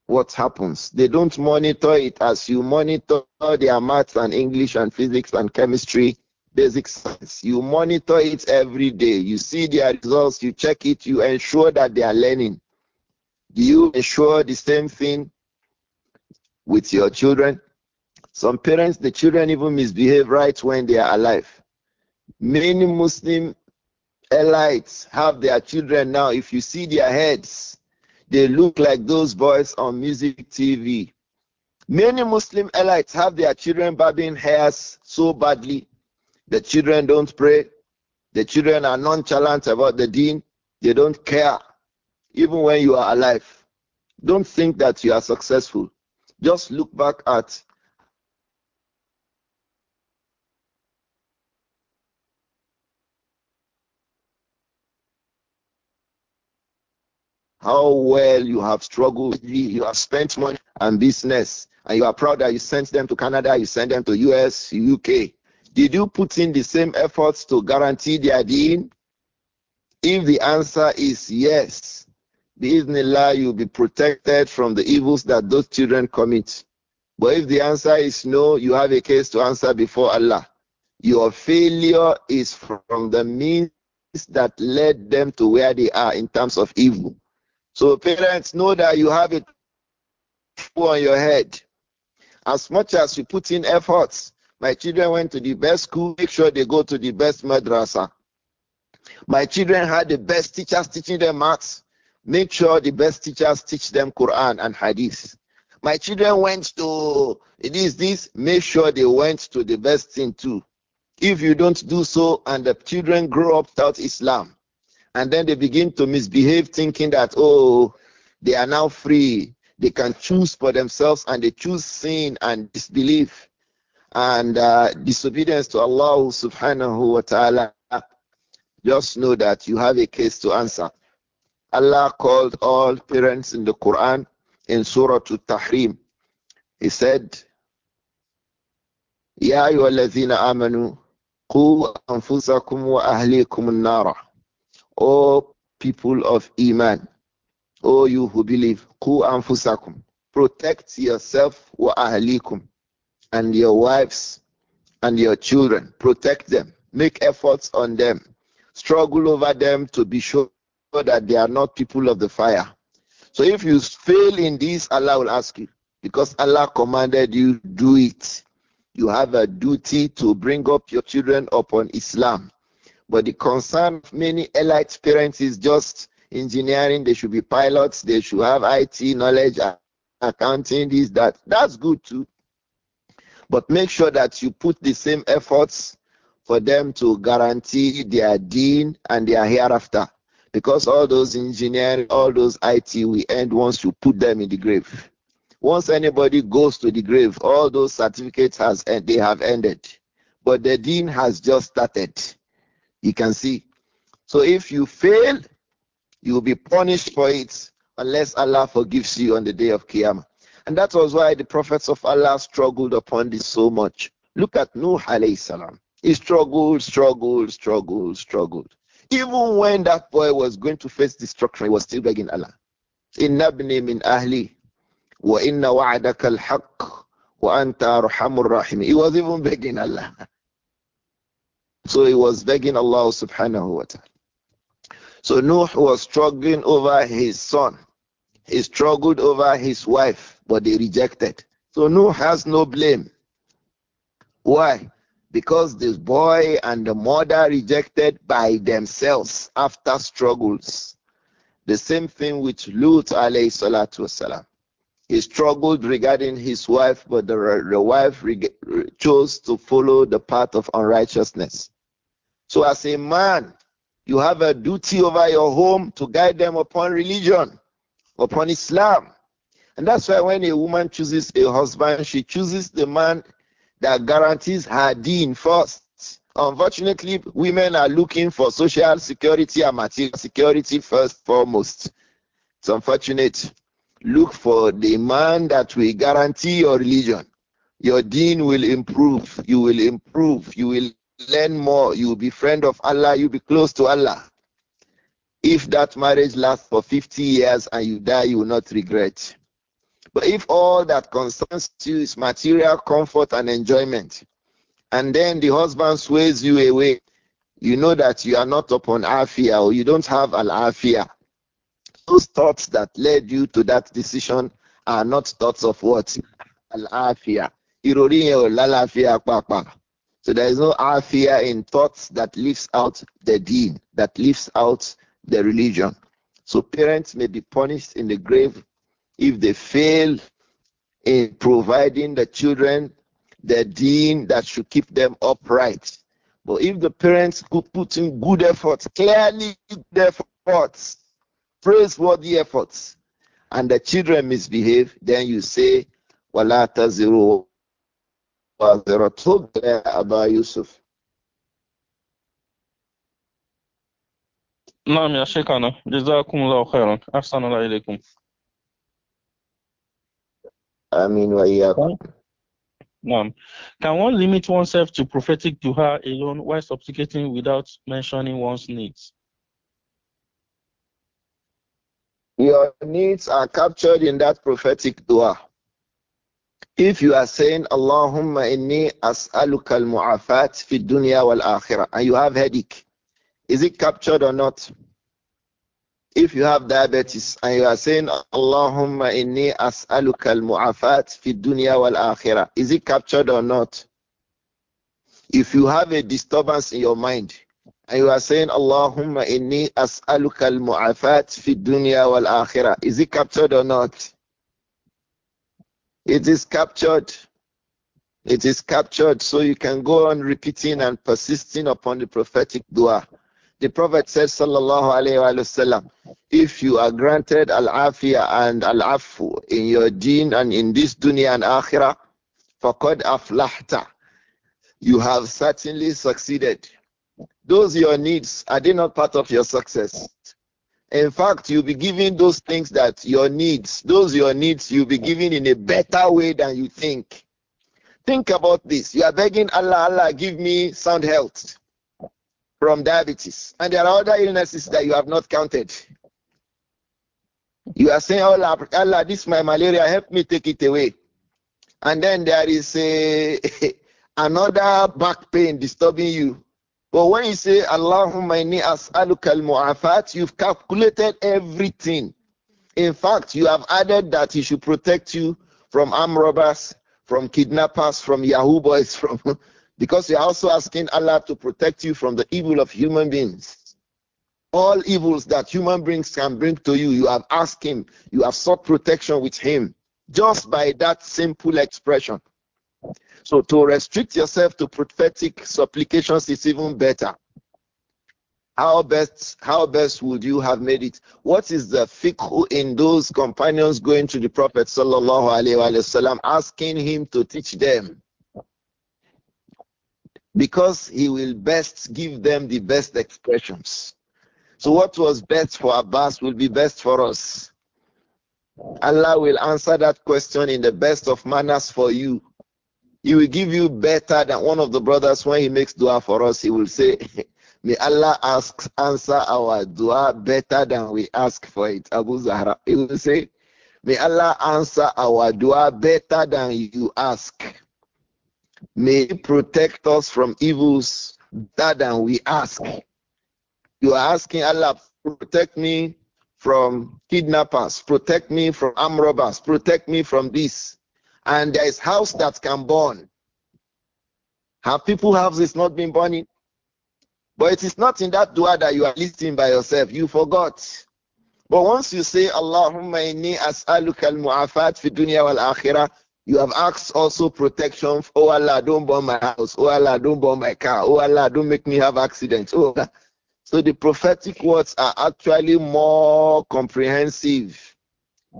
what happens. They don't monitor it as you monitor their maths and English and physics and chemistry basic science. You monitor it every day. You see their results, you check it, you ensure that they are learning. Do you ensure the same thing with your children? Some parents, the children even misbehave right when they are alive. Many Muslim elites have their children now. If you see their heads, they look like those boys on music TV. Many Muslim elites have their children barbing hairs so badly. The children don't pray. The children are nonchalant about the deen. They don't care even when you are alive. Don't think that you are successful. Just look back at how well you have struggled, you have spent money and business, and you are proud that you sent them to Canada, you sent them to US, UK. Did you put in the same efforts to guarantee their deen? If the answer is yes, Bi'idhnillah, you'll be protected from the evils that those children commit. But if the answer is no, you have a case to answer before Allah. Your failure is from the means that led them to where they are in terms of evil. So parents know that you have it on your head. As much as you put in efforts, my children went to the best school, make sure they go to the best madrasa. My children had the best teachers teaching them maths. Make sure the best teachers teach them Quran and Hadith. My children went to it is this, make sure they went to the best thing too. If you don't do so and the children grow up without Islam, and then they begin to misbehave thinking that, oh, they are now free, they can choose for themselves and they choose sin and disbelief and uh, disobedience to Allah subhanahu wa ta'ala, just know that you have a case to answer. Allah called all parents in the Quran in Surah to tahrim He said, يا amanu, الذين anfusakum wa أنفسكم وأهليكم nara O people of Iman, O you who believe, قوا anfusakum. Protect yourself وأهليكم and your wives and your children. Protect them. Make efforts on them. Struggle over them to be sure that they are not people of the fire. So if you fail in this, Allah will ask you. Because Allah commanded you, do it. You have a duty to bring up your children upon Islam. But the concern of many elite parents is just engineering, they should be pilots, they should have IT knowledge, accounting, this, that. That's good too. But make sure that you put the same efforts for them to guarantee their deen and their hereafter. Because all those engineering, all those IT we end once you put them in the grave. Once anybody goes to the grave, all those certificates has eh, they have ended. But the dean has just started. You can see. So if you fail, you will be punished for it unless Allah forgives you on the day of Qiyamah. And that was why the prophets of Allah struggled upon this so much. Look at Nuh alayhi salam. He struggled, struggled, struggled, struggled. Even when that boy was going to face destruction, he was still begging Allah. Inna bni min ahli wa inna wa'adaka al-haq wa anta arhamur rahim. He was even begging Allah. So he was begging Allah subhanahu wa ta'ala. So Nuh was struggling over his son. He struggled over his wife, but they rejected. So Nuh has no blame. Why? because this boy and the mother rejected by themselves after struggles. The same thing with Lut alayhi salatu wasalam. He struggled regarding his wife, but the, the wife chose to follow the path of unrighteousness. So, as a man, you have a duty over your home to guide them upon religion, upon Islam. And that's why when a woman chooses a husband, she chooses the man that guarantees her deen first. Unfortunately, women are looking for social security and material security first foremost. It's unfortunate. Look for the man that will guarantee your religion. Your deen will improve. You will improve. You will learn more. You will be friend of Allah. You will be close to Allah. If that marriage lasts for 50 years and you die, you will not regret. But if all that concerns you is material comfort and enjoyment, and then the husband sways you away, you know that you are not upon afia or you don't have al afia. Those thoughts that led you to that decision are not thoughts of what al afia. So there is no afia in thoughts that leaves out the deen, that leaves out the religion. So parents may be punished in the grave if they fail in providing the children the dean that should keep them upright. But if the parents could put in good efforts, clearly good efforts, praiseworthy efforts, and the children misbehave, then you say, Walata zero. Abba Yusuf. نعم يا شيخنا جزاكم الله خيرا أحسن الله mean, wa iyakum. No, Can one limit oneself to prophetic dua alone while supplicating without mentioning one's needs? Your needs are captured in that prophetic dua. If you are saying, Allahumma inni as'aluka al-mu'afat fi dunya wal akhirah, and you have headache, is it captured or not? If you have diabetes and you are saying, Allahumma inni as'aluka al-mu'afat fi dunya wal akhirah, is it captured or not? If you have a disturbance in your mind and you are saying, Allahumma inni as'aluka al-mu'afat fi dunya wal akhirah, is it captured or not? It is captured. It is captured. So you can go on repeating and persisting upon the prophetic dua. The Prophet said, Sallallahu Alaihi Wasallam, if you are granted Al Afiyah and Al Afu in your deen and in this dunya and akhirah, faqad aflahta. You have certainly succeeded. Those your needs, are they not part of your success? In fact, you'll be given those things that your needs, those your needs, you'll be given in a better way than you think. Think about this. You are begging Allah, Allah, give me sound health from diabetes. And there are other illnesses that you have not counted. You are saying, oh, Allah, Allah this my malaria, help me take it away. And then there is a, another back pain disturbing you. But when you say, Allahumma inni as'aluka al-mu'afat, you've calculated everything. In fact, you have added that he should protect you from armed robbers, from kidnappers, from Yahoo boys, from because you're also asking Allah to protect you from the evil of human beings. All evils that human beings can bring to you, you have asked Him, you have sought protection with Him just by that simple expression. So to restrict yourself to prophetic supplications is even better. How best how best would you have made it? What is the fiqh in those companions going to the Prophet sallallahu alaihi wasallam asking him to teach them? because he will best give them the best expressions. So, what was best for Abbas will be best for us. Allah will answer that question in the best of manners for you. He will give you better than one of the brothers when he makes dua for us. He will say, May Allah ask, answer our dua better than we ask for it. Abu Zahra. He will say, May Allah answer our dua better than you ask. May he protect us from evils that than we ask. You are asking Allah, protect me from kidnappers, protect me from armed robbers, protect me from this. And there is house that can burn. Have people houses not been burning? But it is not in that dua that you are listening by yourself. You forgot. But once you say, Allahumma inni as'aluka al-mu'afat fi dunya wal akhirah, you have asked also protection. oh Allah, don't burn my house. Oh Allah, don't burn my car. Oh Allah, don't make me have accidents. Oh Allah. So the prophetic words are actually more comprehensive,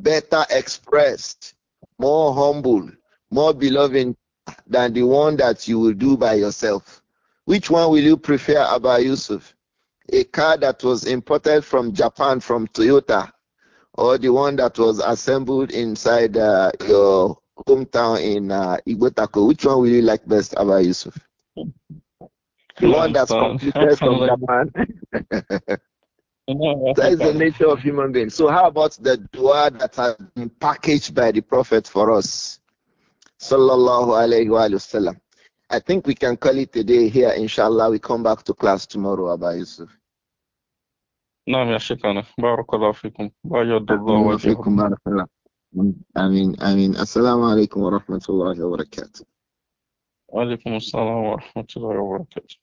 better expressed, more humble, more beloved than the one that you will do by yourself. Which one will you prefer, Abba Yusuf? A car that was imported from Japan from Toyota, or the one that was assembled inside uh, your hometown in uh, which one will you like best, Abba Yusuf? The one that's completed from Japan. that is the nature of human beings. So, how about the dua that has been packaged by the Prophet for us? Sallallahu alayhi wa sallam. I think we can call it today here, inshallah. We come back to class tomorrow, Abba Yusuf. نعم يا شيخنا بارك الله فيكم وأجد الله بارك الله I mean, I mean, Assalamu alaikum wa rahmatullahi wa barakatuh. Wa alaikum assalam wa rahmatullahi wa barakatuh.